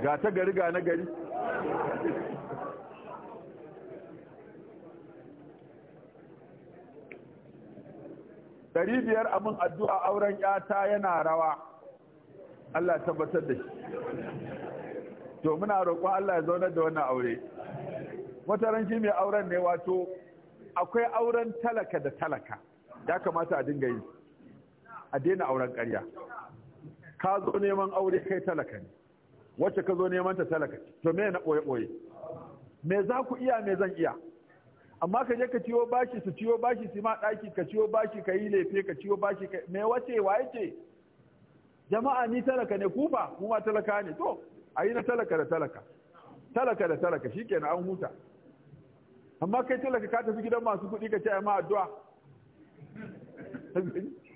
ga ta gari ga na gari ɗari biyar abin addu'a auren ‘yata yana rawa Allah tabbatar da shi to muna roƙon Allah ya zaunar da wannan aure wataran shi mai auren ne wato akwai auren talaka da talaka ya kamata a dinga yi a daina auren ƙarya ka zo neman aure kai talaka ne wacce ka zo neman ta talaka to me na ɓoye-ɓoye me za ku iya me zan iya amma ka je ka ciwo bashi su ciwo bashi su ma ɗaki ka ciwo bashi ka yi lefe ka ciwo bashi ka me wace waye ce jama'a ni talaka ne kufa mu ma talaka ne to a yi na talaka da talaka talaka da talaka shikenan an huta amma kai talaka ka tafi gidan masu kuɗi ka ce ai ma addu'a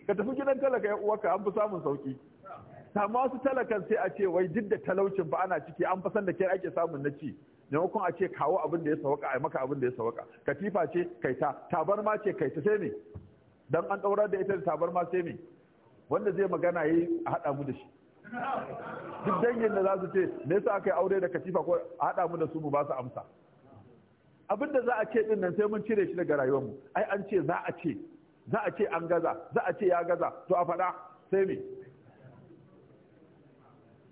ka tafi gidan talaka yan uwarka an fi samun sauki amma wasu talakan sai a ce wai duk da talaucin ba ana ciki an fi san da ke ake samun na ci maimakon a ce kawo abin da ya sawaka a maka abin da ya sawaka katifa ce kaita ma ce kaita sai ne dan an daura da ita da ma sai ne wanda zai magana yi a hada mu da shi duk dangin da za su ce me yasa aka yi aure da katifa ko a hada mu da su mu ba su amsa abin da za a ce din nan sai mun cire shi daga rayuwar mu ai an ce za a ce za a ce an gaza za a ce ya gaza to a faɗa sai me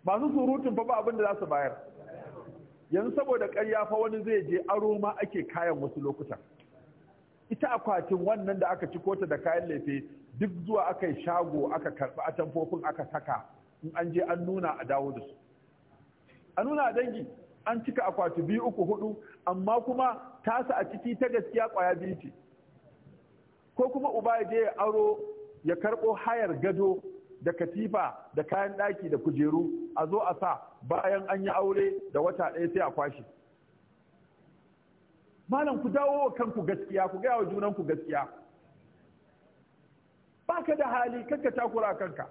masu surutun fa ba abin da za su bayar yanzu saboda ƙarya fa wani zai je aro ma ake kayan wasu lokutan ita akwatin wannan da aka ci kota da kayan lefe duk zuwa aka yi shago aka karɓi a tamfofin aka saka in an je an nuna a dawo da su a nuna dangi an cika akwati biyu uku hudu amma kuma tasa a ciki ta gaskiya kwaya biyu ce ko kuma uba ya je ya aro ya karɓo hayar gado da katifa da kayan ɗaki da kujeru a zo a sa bayan an yi aure da wata ɗaya sai a kwashe malam ku dawo wa kanku gaskiya ku gaya wa junanku gaskiya Ba ka da hali kanka takura kanka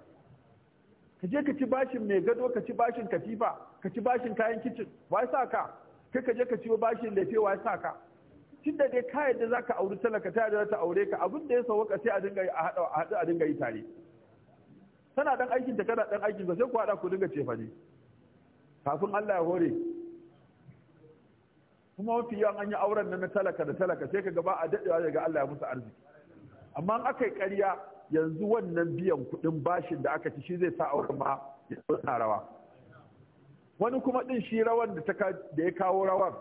ka je ka ci bashin mai gado ka ci bashin katifa ka ci bashin kayan kicin wai sa ka kai ka je ka ci bashin lefe wai sa ka cin da dai ka yadda za ka auri talaka ta yadda ta aure ka abin da ya sauwaka sai a dinga yi a haɗu a dinga yi tare tana dan aikin ta kana dan aikin sai ku haɗa ku dinga cefane kafin Allah ya hore kuma mafi yawan an yi auren na talaka da talaka sai ka gaba a daɗewa daga Allah ya musu arziki amma an aka yi ƙarya yanzu wannan biyan kuɗin bashin da aka ci shi zai sa auren ma ya tsotsa rawa wani kuma ɗin shi rawan da ya kawo rawan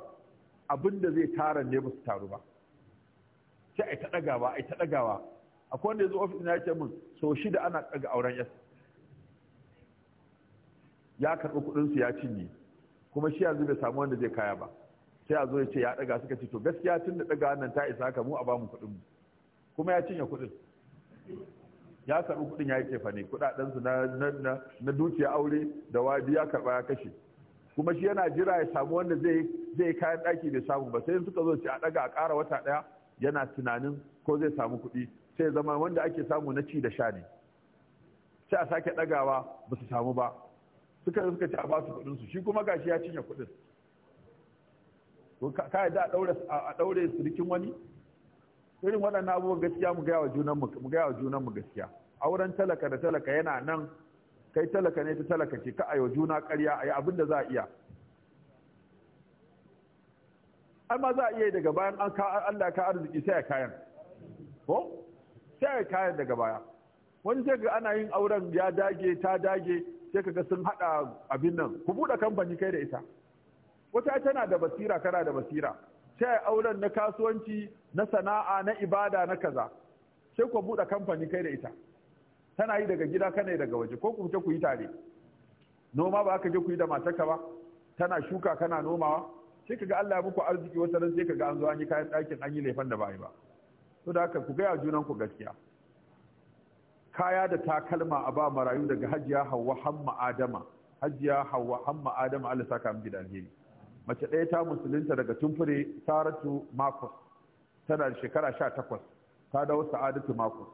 abin da zai tara ne ba su taru ba sai a yi ta ɗagawa a yi ta ɗagawa akwai wanda ya zo ofis na ya ce min so shida ana ɗaga auren yasa ya karɓi kuɗinsu ya cinye kuma shi yanzu bai samu wanda zai kaya ba sai a zo ya ce ya ɗaga suka ce to gaskiya tun da ɗaga nan ta isa ka mu a bamu kuɗin mu kuma ya cinye kuɗin ya karɓi kuɗin ya yi kefa ne kuɗaɗensu na dukiya aure da wadi ya karɓa ya kashe kuma shi yana jira ya samu wanda zai zai kayan ɗaki bai samu ba sai suka zo ce a ɗaga a ƙara wata ɗaya yana tunanin ko zai samu kuɗi sai zama wanda ake samu na ci da sha ne sai a sake ɗagawa ba su samu ba suka suka ci a basu kudin su shi kuma gashi ya cinye kuɗin ka da a ɗaure su rikin wani irin waɗannan abubuwan gaskiya mu gaya wa junan mu mu gaya wa junan mu gaskiya auren talaka da talaka yana nan kai talaka ne ta talaka ce ka ayo juna ƙarya ayi abin da za a iya amma za a iya daga bayan an ka Allah ka arziki sai kayan ko sai kayan daga baya wani sai ga ana yin auren ya dage ta dage sai kaga sun hada abin nan ku bude kamfani kai da ita wata tana da basira kana da basira sai auren na kasuwanci na sana'a na ibada na kaza sai ku buɗe kamfani kai da ita tana yi daga gida kana yi daga waje ko ku fita ku yi tare noma ba ka je ku yi da matarka ba tana shuka kana nomawa sai kaga Allah ya muku arziki wata ran sai kaga an zo an yi kayan dakin an yi laifin da ba yi ba to da haka ku gaya junan ku gaskiya kaya da takalma a ba marayu daga hajiya hawa hamma adama hajiya hawa hamma adama Allah saka mu alheri mace ɗaya ta musulunta daga tumfure saratu makos tana da shekara sha-takwas, ta dawo sa'adatu makos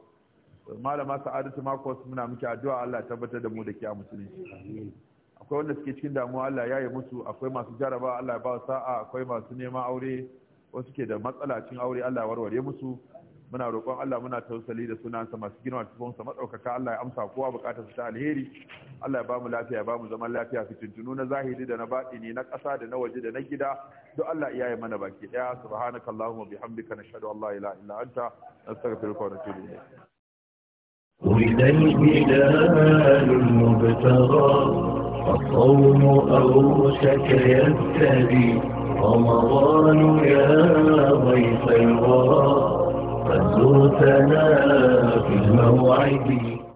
malama sa'adatu makos muna miki addu'a Allah tabbatar da mu da kiya musulunci akwai wanda suke cikin damuwa Allah ya yi musu akwai masu jaraba Allah ya ba sa'a akwai masu neman aure wasu ke da matsala cikin aure Allah warware musu muna roƙon Allah muna tausali da sunansa masu girma cikin sa matsaukaka Allah ya amsa kowa bukatar sa ta alheri Allah ya ba mu lafiya ba mu zaman lafiya fitintunu na zahiri da na batini na ƙasa da na waje da na gida duk Allah iyaye mana baki daya subhanakallahumma bihamdika nashhadu an la ilaha illa anta nastaghfiruka wa natubu ilayk ولدي الهلال المبتغى الصوم أوشك يبتدي رمضان يا ضيف الورى قد زرتنا في الموعد